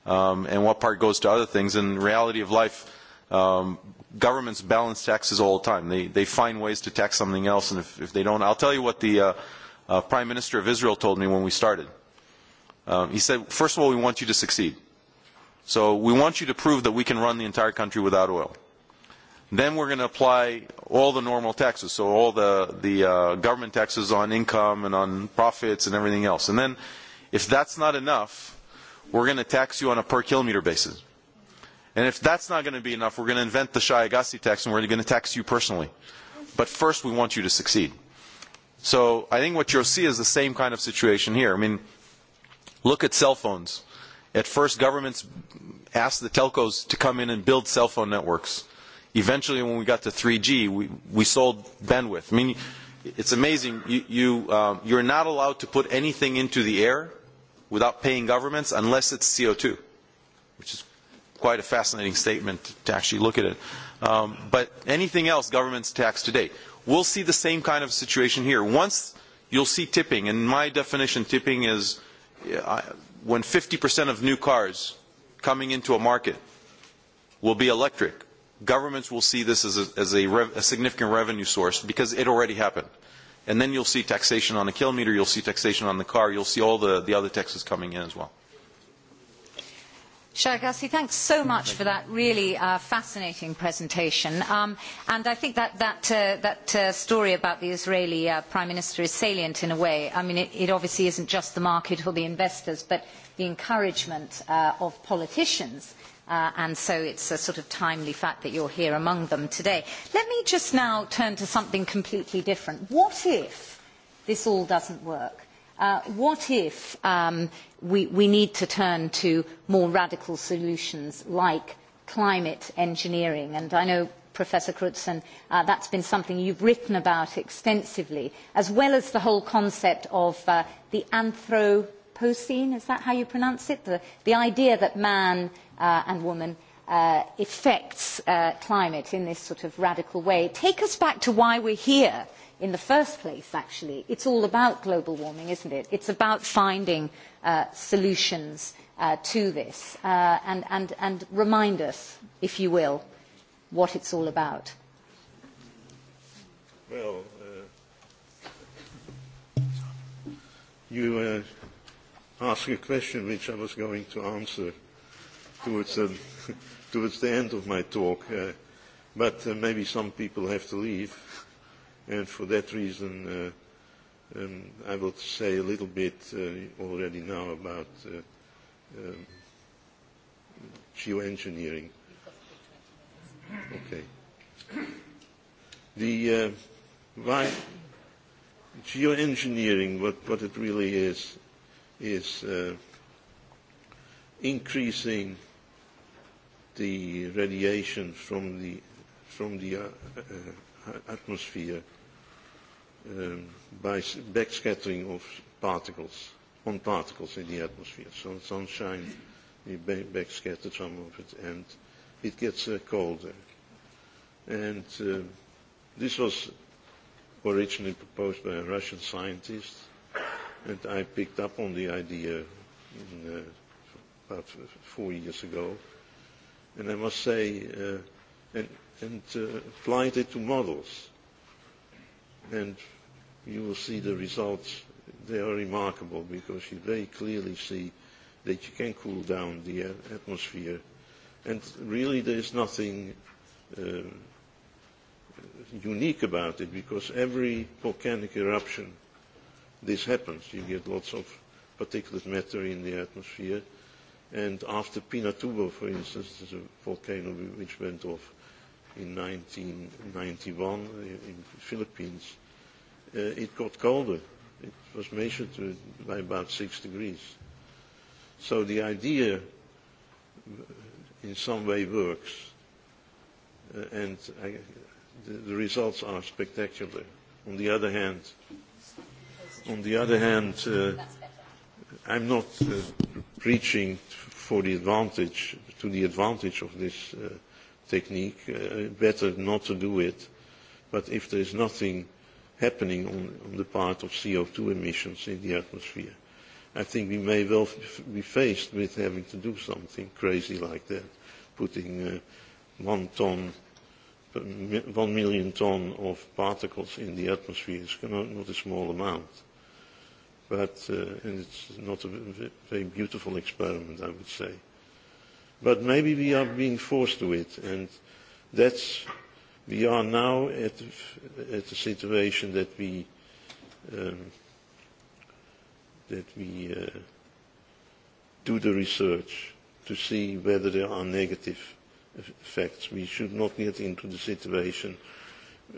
um, and what part goes to other things. In reality of life, um, governments balance taxes all the time. They they find ways to tax something else, and if, if they don't, I'll tell you what the uh, uh, Prime Minister of Israel told me when we started. Um, he said, first of all, we want you to succeed. So we want you to prove that we can run the entire country without oil. Then we're going to apply all the normal taxes, so all the, the uh, government taxes on income and on profits and everything else. And then if that's not enough, we're going to tax you on a per kilometer basis. And if that's not going to be enough, we're going to invent the Shiagasi tax and we're going to tax you personally. But first, we want you to succeed. So I think what you'll see is the same kind of situation here. I mean, look at cell phones At first, governments asked the telcos to come in and build cell phone networks. Eventually, when we got to 3G, we, we sold bandwidth. I mean, it's amazing. You, you, uh, you're not allowed to put anything into the air without paying governments unless it's CO2, which is quite a fascinating statement to actually look at it. Um, but anything else governments tax today. We'll see the same kind of situation here. Once you'll see tipping, and my definition tipping is when 50% of new cars coming into a market will be electric, governments will see this as a, as a, rev, a significant revenue source because it already happened. And then you'll see taxation on the kilometer, you'll see taxation on the car, you'll see all the, the other taxes coming in as well. Shargasi, thanks so much for that really uh, fascinating presentation. Um, and I think that, that, uh, that uh, story about the Israeli uh, Prime Minister is salient in a way. I mean, it, it obviously isn't just the market or the investors, but the encouragement uh, of politicians uh, and so it's a sort of timely fact that you're here among them today. Let me just now turn to something completely different. What if this all doesn't work? what if we, need to turn to more radical solutions like climate engineering? And I know, Professor Crutzen, uh, that's been something you've written about extensively, as well as the whole concept of the Anthropocene, is that how you pronounce it? The, the idea that man and woman affects climate in this sort of radical way. Take us back to why we're here in the first place, actually. It's all about global warming, isn't it? It's about finding uh, solutions uh, to this uh, and, and, and remind us, if you will, what it's all about. Well, uh, you uh, asked a question which I was going to answer towards the, towards the end of my talk, uh, but uh, maybe some people have to leave And for that reason, uh, um, I will say a little bit uh, already now about uh, um, geoengineering. Okay. The uh, why geoengineering, what, what it really is, is uh, increasing the radiation from the from the uh, uh, atmosphere um by backscattering of particles, on particles in the atmosphere. So sunshine, we backscatter some of it, and it gets uh, colder. And uh, this was originally proposed by a Russian scientist, and I picked up on the idea in, uh, about four years ago. And I must say, uh, and, and uh, applied it to models. And you will see the results. They are remarkable because you very clearly see that you can cool down the atmosphere. And really there is nothing uh, unique about it because every volcanic eruption, this happens. You get lots of particulate matter in the atmosphere. And after Pinatubo, for instance, there's a volcano which went off in 1991 in the Philippines, uh, it got colder. It was measured to, by about six degrees. So the idea in some way works. Uh, and I, the, the results are spectacular. On the other hand, on the other hand, uh, I'm not uh, preaching for the advantage, to the advantage of this uh, technique, uh, better not to do it. But if there is nothing happening on, on the part of CO2 emissions in the atmosphere, I think we may well f be faced with having to do something crazy like that, putting uh, one ton, one million ton of particles in the atmosphere is not, not a small amount. But uh, and it's not a very beautiful experiment, I would say. But maybe we are being forced to it, and that's we are now at at a situation that we um, that we uh, do the research to see whether there are negative effects. We should not get into the situation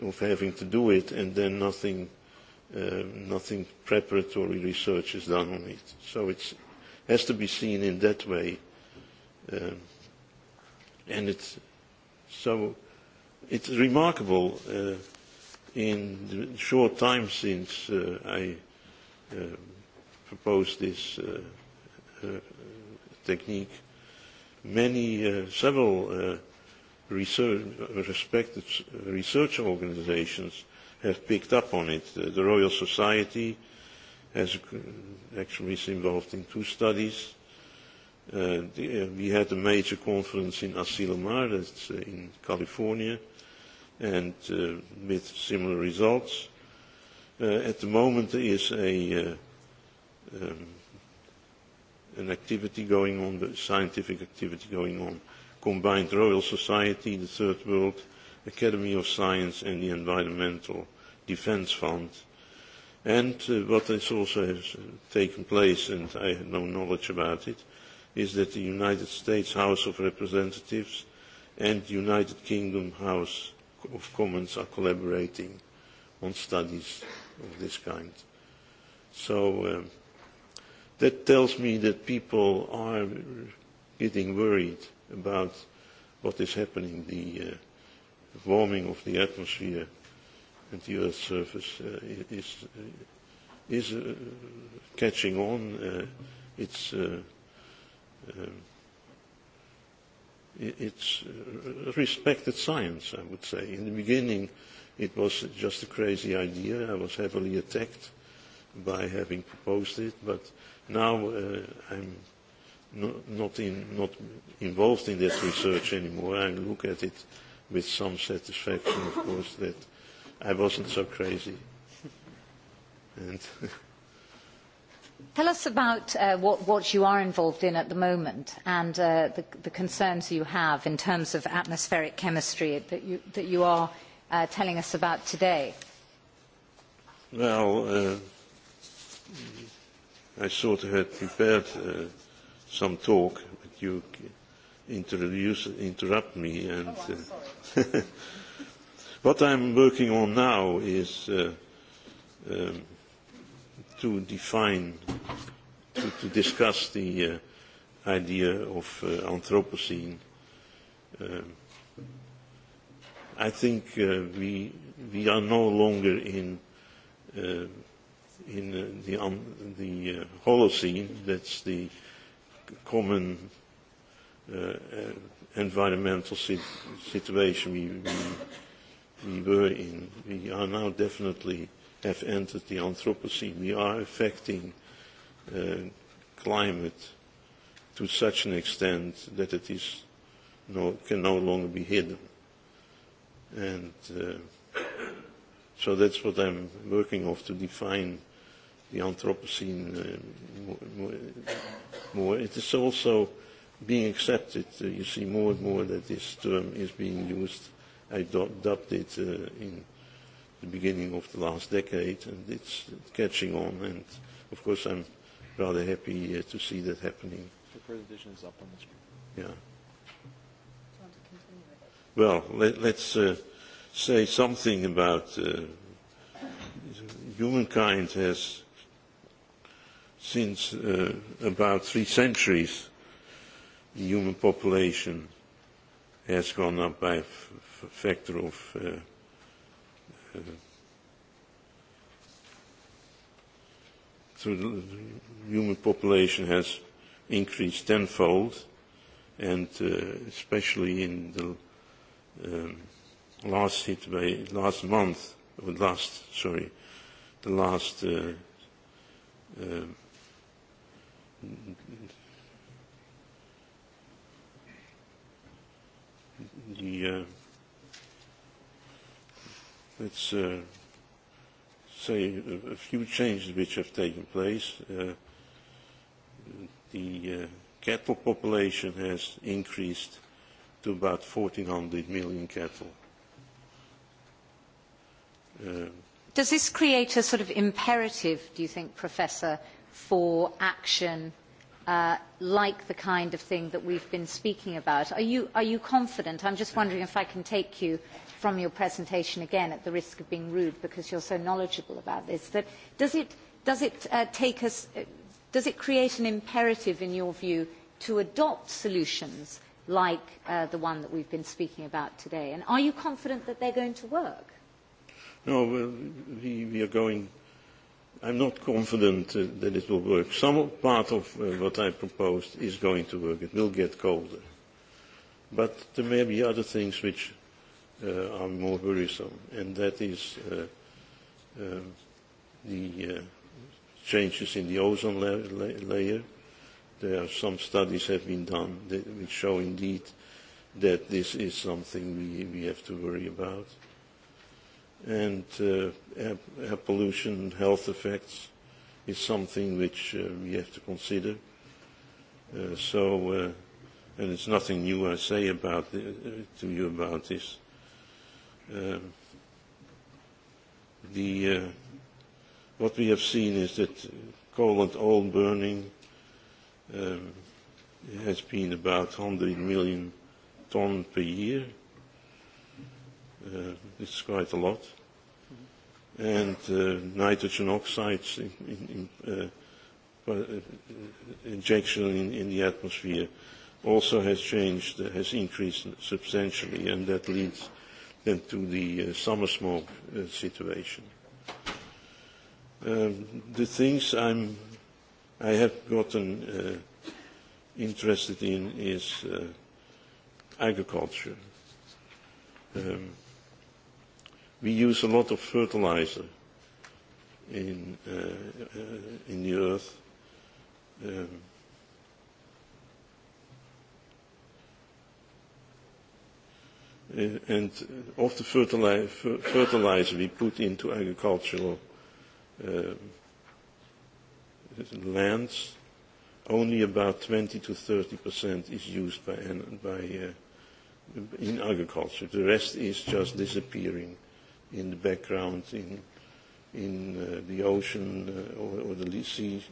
of having to do it and then nothing, uh, nothing preparatory research is done on it. So it has to be seen in that way Uh, and it's so it's remarkable uh, in the short time since uh, I uh, proposed this uh, uh, technique, many uh, several uh, research, respected research organizations have picked up on it. Uh, the Royal Society has actually been involved in two studies Uh, the, uh, we had a major conference in Asilomar, that's uh, in California, and uh, with similar results. Uh, at the moment, there is a, uh, um, an activity going on, the scientific activity going on, combined Royal Society, the Third World, Academy of Science, and the Environmental Defense Fund. And uh, what has also has taken place, and I had no knowledge about it, is that the United States House of Representatives and the United Kingdom House of Commons are collaborating on studies of this kind. So uh, that tells me that people are getting worried about what is happening, the uh, warming of the atmosphere and the Earth's surface uh, is, is uh, catching on. Uh, it's uh, it's respected science, I would say. In the beginning, it was just a crazy idea. I was heavily attacked by having proposed it, but now uh, I'm not, not, in, not involved in that research anymore. I look at it with some satisfaction, of course, that I wasn't so crazy. And Tell us about uh, what, what you are involved in at the moment and uh, the, the concerns you have in terms of atmospheric chemistry that you, that you are uh, telling us about today. Well, uh, I sort of had prepared uh, some talk, but you introduce, interrupt me. And uh, what I'm working on now is uh, um, to define, to, to discuss the uh, idea of uh, Anthropocene. I think uh, we we are no longer in uh, in uh, the um, the uh, Holocene. That's the common uh, uh, environmental sit situation we, we we were in. We are now definitely have entered the Anthropocene. We are affecting uh, climate to such an extent that it is no, can no longer be hidden. And uh, so that's what I'm working off to define the Anthropocene uh, more, more. It is also being accepted. Uh, you see more and more that this term is being used. I dubbed it uh, in the beginning of the last decade, and it's catching on. And of course, I'm rather happy uh, to see that happening. The presentation is up on the screen. Yeah. Well, let, let's uh, say something about uh, humankind has, since uh, about three centuries, the human population has gone up by a factor of uh, So the human population has increased tenfold, and uh, especially in the um, last hit by last month, or last sorry, the last uh, uh, the uh, let's uh, say a, a few changes which have taken place. Uh, the uh, cattle population has increased to about 1,400 million cattle. Uh, Does this create a sort of imperative, do you think, Professor, for action like the kind of thing that we have been speaking about. Are you, are you confident? I'm just wondering if I can take you from your presentation again at the risk of being rude because you're so knowledgeable about this, that does it, does it take us, does it create an imperative in your view to adopt solutions like the one that we've been speaking about today? And are you confident that they're going to work? No, we, we are going I'm not confident uh, that it will work. Some part of uh, what I proposed is going to work. It will get colder. But there may be other things which uh, are more worrisome, and that is uh, uh, the uh, changes in the ozone la la layer. There are some studies have been done that, which show indeed that this is something we, we have to worry about and uh, air, air pollution health effects is something which uh, we have to consider. Uh, so, uh, and it's nothing new I say about the, uh, to you about this. Uh, the uh, what we have seen is that coal and oil burning um, has been about 100 million ton per year. Uh, it's quite a lot and uh, nitrogen oxides in, in, uh, injection in, in the atmosphere also has changed, has increased substantially, and that leads then to the uh, summer smoke uh, situation. Um, the things I'm, I have gotten uh, interested in is uh, agriculture. Um, we use a lot of fertilizer in, uh, uh, in the earth. Um, and of the fertilizer, fertilizer we put into agricultural uh, lands, only about 20 to 30 percent is used by, by uh, in agriculture. The rest is just disappearing in the background in, in uh, the ocean uh, or, or the sea,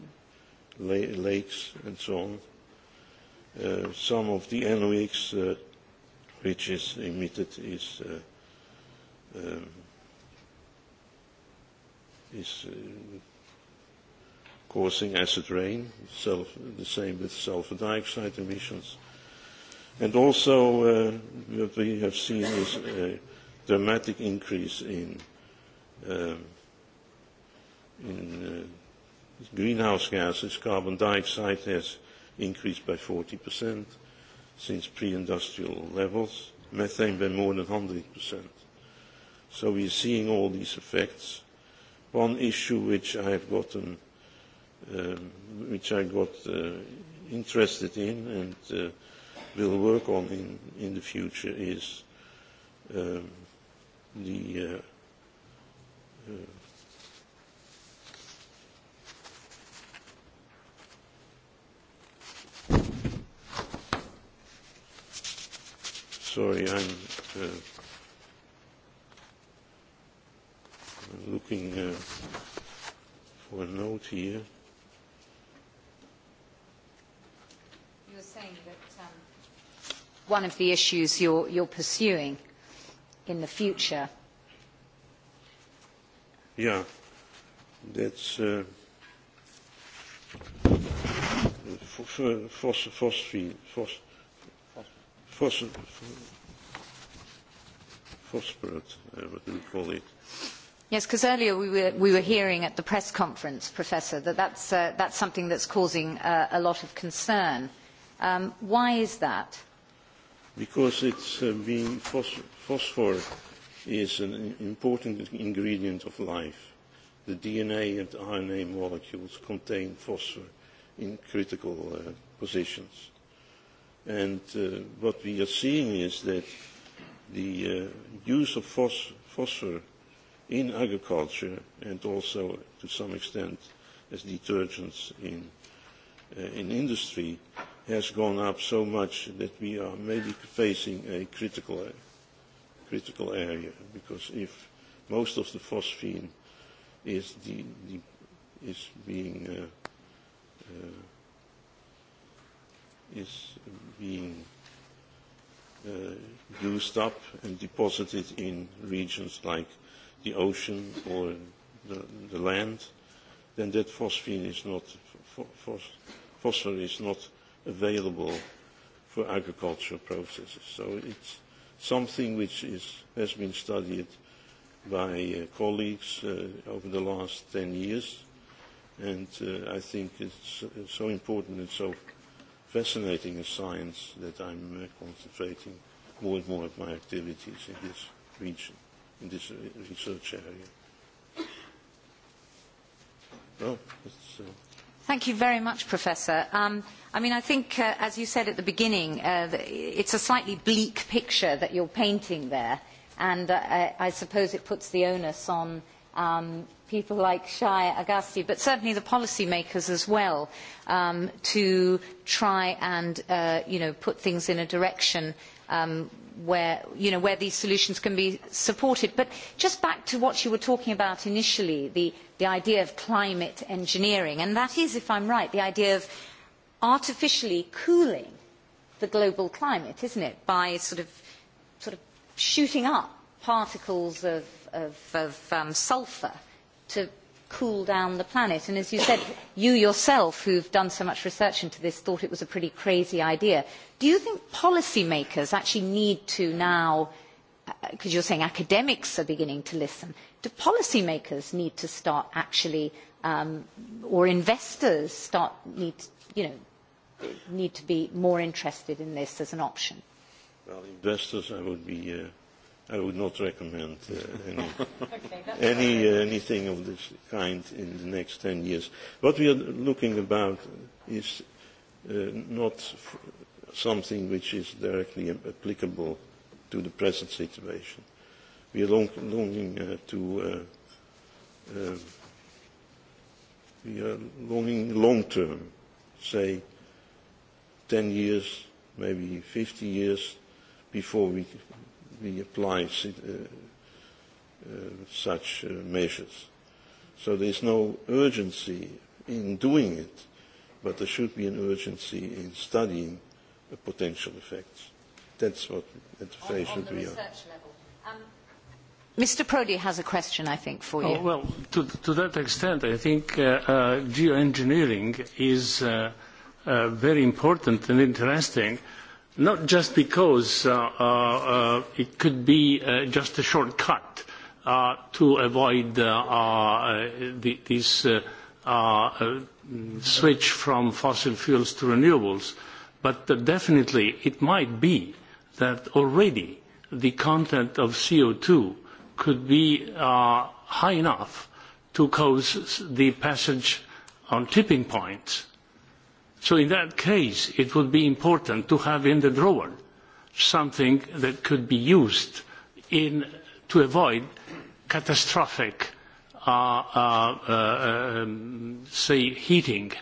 la lakes and so on. Uh, some of the NOx uh, which is emitted is uh, um, is uh, causing acid rain, self, the same with sulfur dioxide emissions. And also uh, what we have seen is uh, dramatic increase in um, in uh, greenhouse gases. Carbon dioxide has increased by 40% since pre-industrial levels. Methane by more than 100%. So we are seeing all these effects. One issue which I have gotten, um, which I got uh, interested in and uh, will work on in, in the future is um, the uh, uh, sorry, I'm uh, looking uh, for a note here. You're saying that um, one of the issues you're, you're pursuing in the future. we call it? Yes, because earlier we were, we were hearing at the press conference, Professor, that that's, uh, that's something that's causing uh, a lot of concern. Um, why is that? because it's being phosphor is an important ingredient of life. The DNA and RNA molecules contain phosphor in critical uh, positions. And uh, what we are seeing is that the uh, use of phos- phosphor in agriculture and also to some extent as detergents in, uh, in industry has gone up so much that we are maybe facing a critical, critical area because if most of the phosphine is, the, the, is being uh, uh, is being uh, used up and deposited in regions like the ocean or the, the land, then that phosphine is not, phosphor is not available for agricultural processes. So it's something which is, has been studied by uh, colleagues uh, over the last 10 years, and uh, I think it's so important and so fascinating a science that I'm uh, concentrating more and more of my activities in this region, in this research area. Well, that's, uh, Thank you very much, Professor. Um, I mean, I think, uh, as you said at the beginning, uh, it's a slightly bleak picture that you're painting there, and uh, I, I suppose it puts the onus on um, people like Shai Agassi, but certainly the policymakers as well, um, to try and uh, you know, put things in a direction uh, where, you know, where these solutions can be supported. But just back to what you were talking about initially, the, the idea of climate engineering, and that is, if I'm right, the idea of artificially cooling the global climate, isn't it, by sort of, sort of shooting up particles of, of, of um, sulfur to cool down the planet. And as you said, you yourself, who have done so much research into this, thought it was a pretty crazy idea. Do you think policymakers actually need to now, because you're saying academics are beginning to listen, do policymakers need to start actually, or investors start need, you know, need to be more interested in this as an option? Well, investors, I would be. Uh I would not recommend uh, any, any uh, anything of this kind in the next 10 years. What we are looking about is uh, not f- something which is directly applicable to the present situation. We are long- longing uh, to uh, uh, we are longing long term, say 10 years, maybe 50 years before we we apply uh, uh, such uh, measures. So there is no urgency in doing it, but there should be an urgency in studying the potential effects. That's what at the phase should be on. Mr. Prodi has a question, I think, for you. Oh, well, to, to that extent, I think uh, uh, geoengineering is uh, uh, very important and interesting not just because it could be just a shortcut to avoid this switch from fossil fuels to renewables, but definitely it might be that already the content of co two could be high enough to cause the passage on tipping points So in that case, it would be important to have in the drawer something that could be used in, to avoid catastrophic, uh, uh, say, heating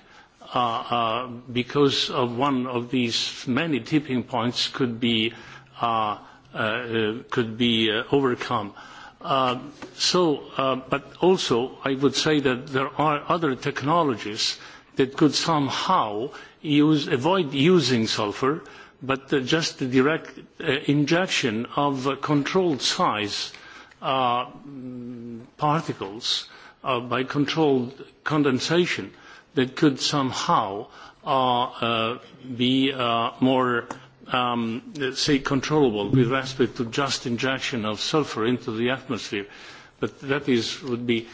uh, uh, because of one of these many tipping points could be, uh, uh, could be uh, overcome. Uh, so, uh, but also I would say that there are other technologies that could somehow use, avoid using sulfur, but just the direct injection of controlled size particles by controlled condensation that could somehow be more, say, controllable with respect to just injection of sulfur into the atmosphere. But that is, would be,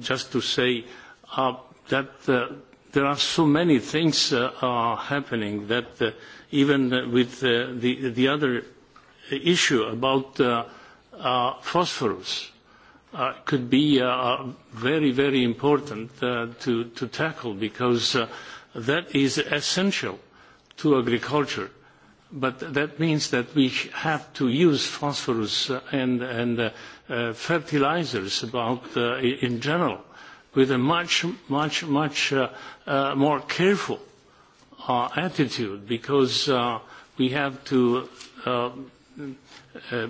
just to say, that there are so many things are happening that even with the, the other issue about phosphorus could be very, very important to, to tackle because that is essential to agriculture. But that means that we have to use phosphorus and, and fertilizers about, in general with a much, much, much uh, uh, more careful uh, attitude because uh, we have to, uh, uh,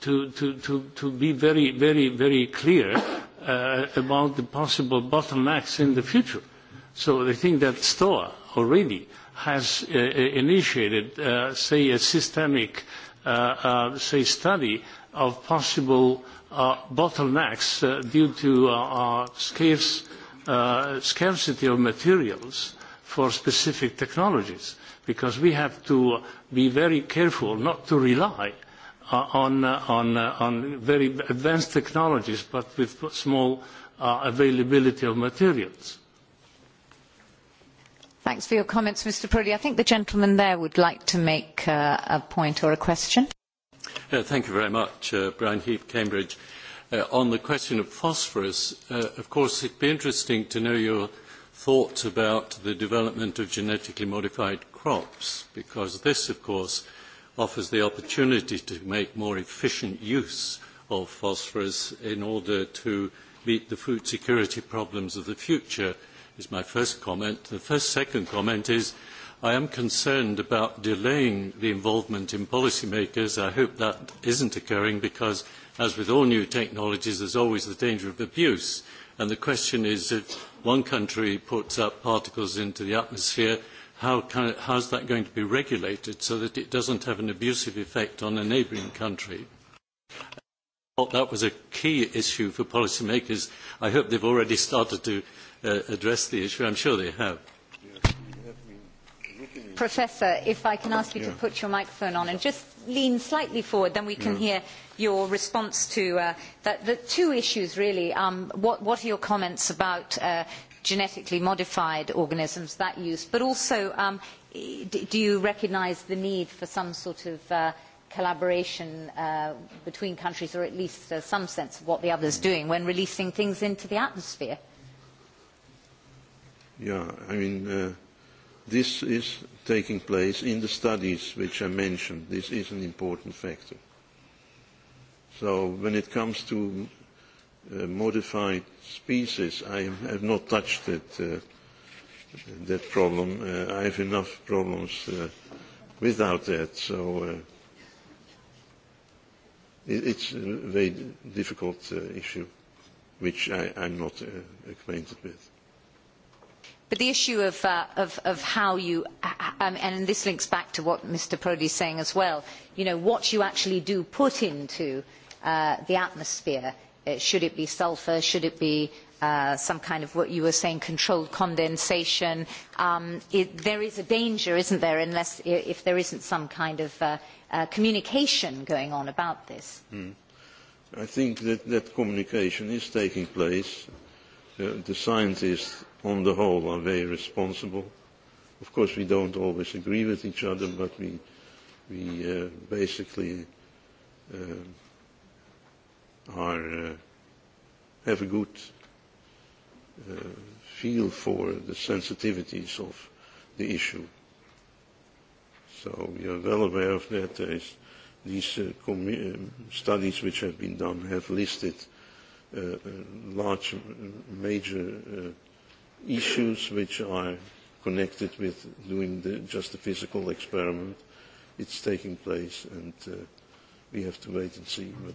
to, to, to, to be very, very, very clear uh, about the possible bottlenecks in the future. So I think that STOA already has uh, initiated, uh, say, a systemic, uh, uh, say, study of possible bottlenecks due to scarcity of materials for specific technologies because we have to be very careful not to rely on very advanced technologies but with small availability of materials. Thanks for your comments, Mr. Prodi. I think the gentleman there would like to make a point or a question. Thank you very much. Brian Heap, Cambridge. On the question of phosphorus, of course, it'd be interesting to know your thoughts about the development of genetically modified crops, because this, of course, offers the opportunity to make more efficient use of phosphorus in order to meet the food security problems of the future, is my first comment. The first second comment is I am concerned about delaying the involvement in policymakers. I hope that is not occurring because, as with all new technologies, there is always the danger of abuse. And the question is, if one country puts up particles into the atmosphere, how is that going to be regulated so that it does not have an abusive effect on a neighbouring country? I thought that was a key issue for policymakers. I hope they have already started to address the issue. I am sure they have. Professor, if I can ask you to put your microphone on and just lean slightly forward, then we can hear your response to uh, that, the two issues, really. Um, what, what are your comments about uh, genetically modified organisms, that use, but also um, do you recognise the need for some sort of uh, collaboration uh, between countries, or at least uh, some sense of what the other is doing when releasing things into the atmosphere? Yeah, I mean, uh, This is taking place in the studies which I mentioned. This is an important factor. So when it comes to uh, modified species, I have not touched that, uh, that problem. Uh, I have enough problems uh, without that. So uh, it, it's a very difficult uh, issue, which I, I'm not uh, acquainted with. But the issue of, uh, of, of how you, um, and this links back to what Mr. Prodi is saying as well, you know, what you actually do put into uh, the atmosphere, uh, should it be sulfur, should it be uh, some kind of what you were saying, controlled condensation. Um, it, there is a danger, isn't there, unless if there isn't some kind of uh, uh, communication going on about this. Mm. I think that that communication is taking place. Uh, the scientists on the whole, are very responsible. Of course, we don't always agree with each other, but we, we uh, basically uh, are, uh, have a good uh, feel for the sensitivities of the issue. So we are well aware of that. There is these uh, commu- studies which have been done have listed uh, large, major uh issues which are connected with doing the, just the physical experiment. It's taking place, and uh, we have to wait and see. But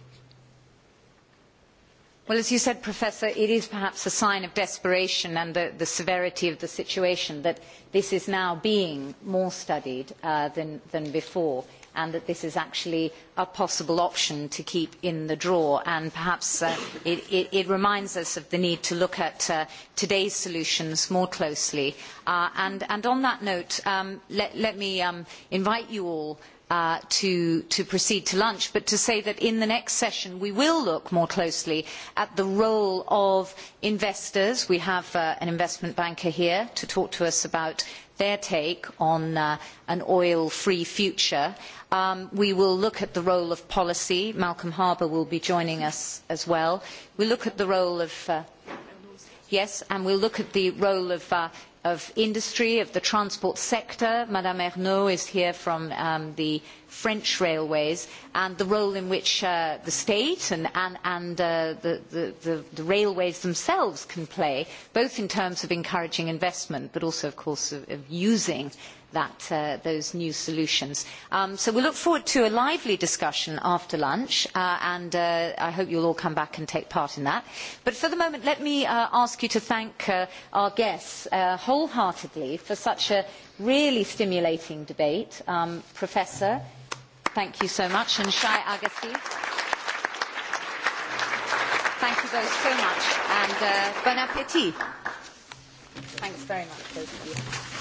well, as you said, Professor, it is perhaps a sign of desperation and the, the severity of the situation that this is now being more studied uh, than, than before and that this is actually a possible option to keep in the drawer. And perhaps it, reminds us of the need to look at today's solutions more closely. and, on that note, let, me invite you all to, proceed to lunch, but to say that in the next session we will look more closely at the role of investors. We have an investment banker here to talk to us about their take on an oil-free future. we will look at the role of policy. Malcolm Harbour will be joining us as well. We look at the role of... yes, and we will look at the role of of industry, of the transport sector. Madame Ernaud is here from the French railways and the role in which the state and, the, railways themselves can play, both in terms of encouraging investment, but also, of course, of, using those new solutions. so we look forward to a lively discussion after lunch, and I hope you will all come back and take part in that. But for the moment, let me ask you to thank our guests wholeheartedly for such a really stimulating debate. Professor, thank you so much, and Shai Agassi. Thank you both so much, and uh, bon appetit. Thanks very much, both of you.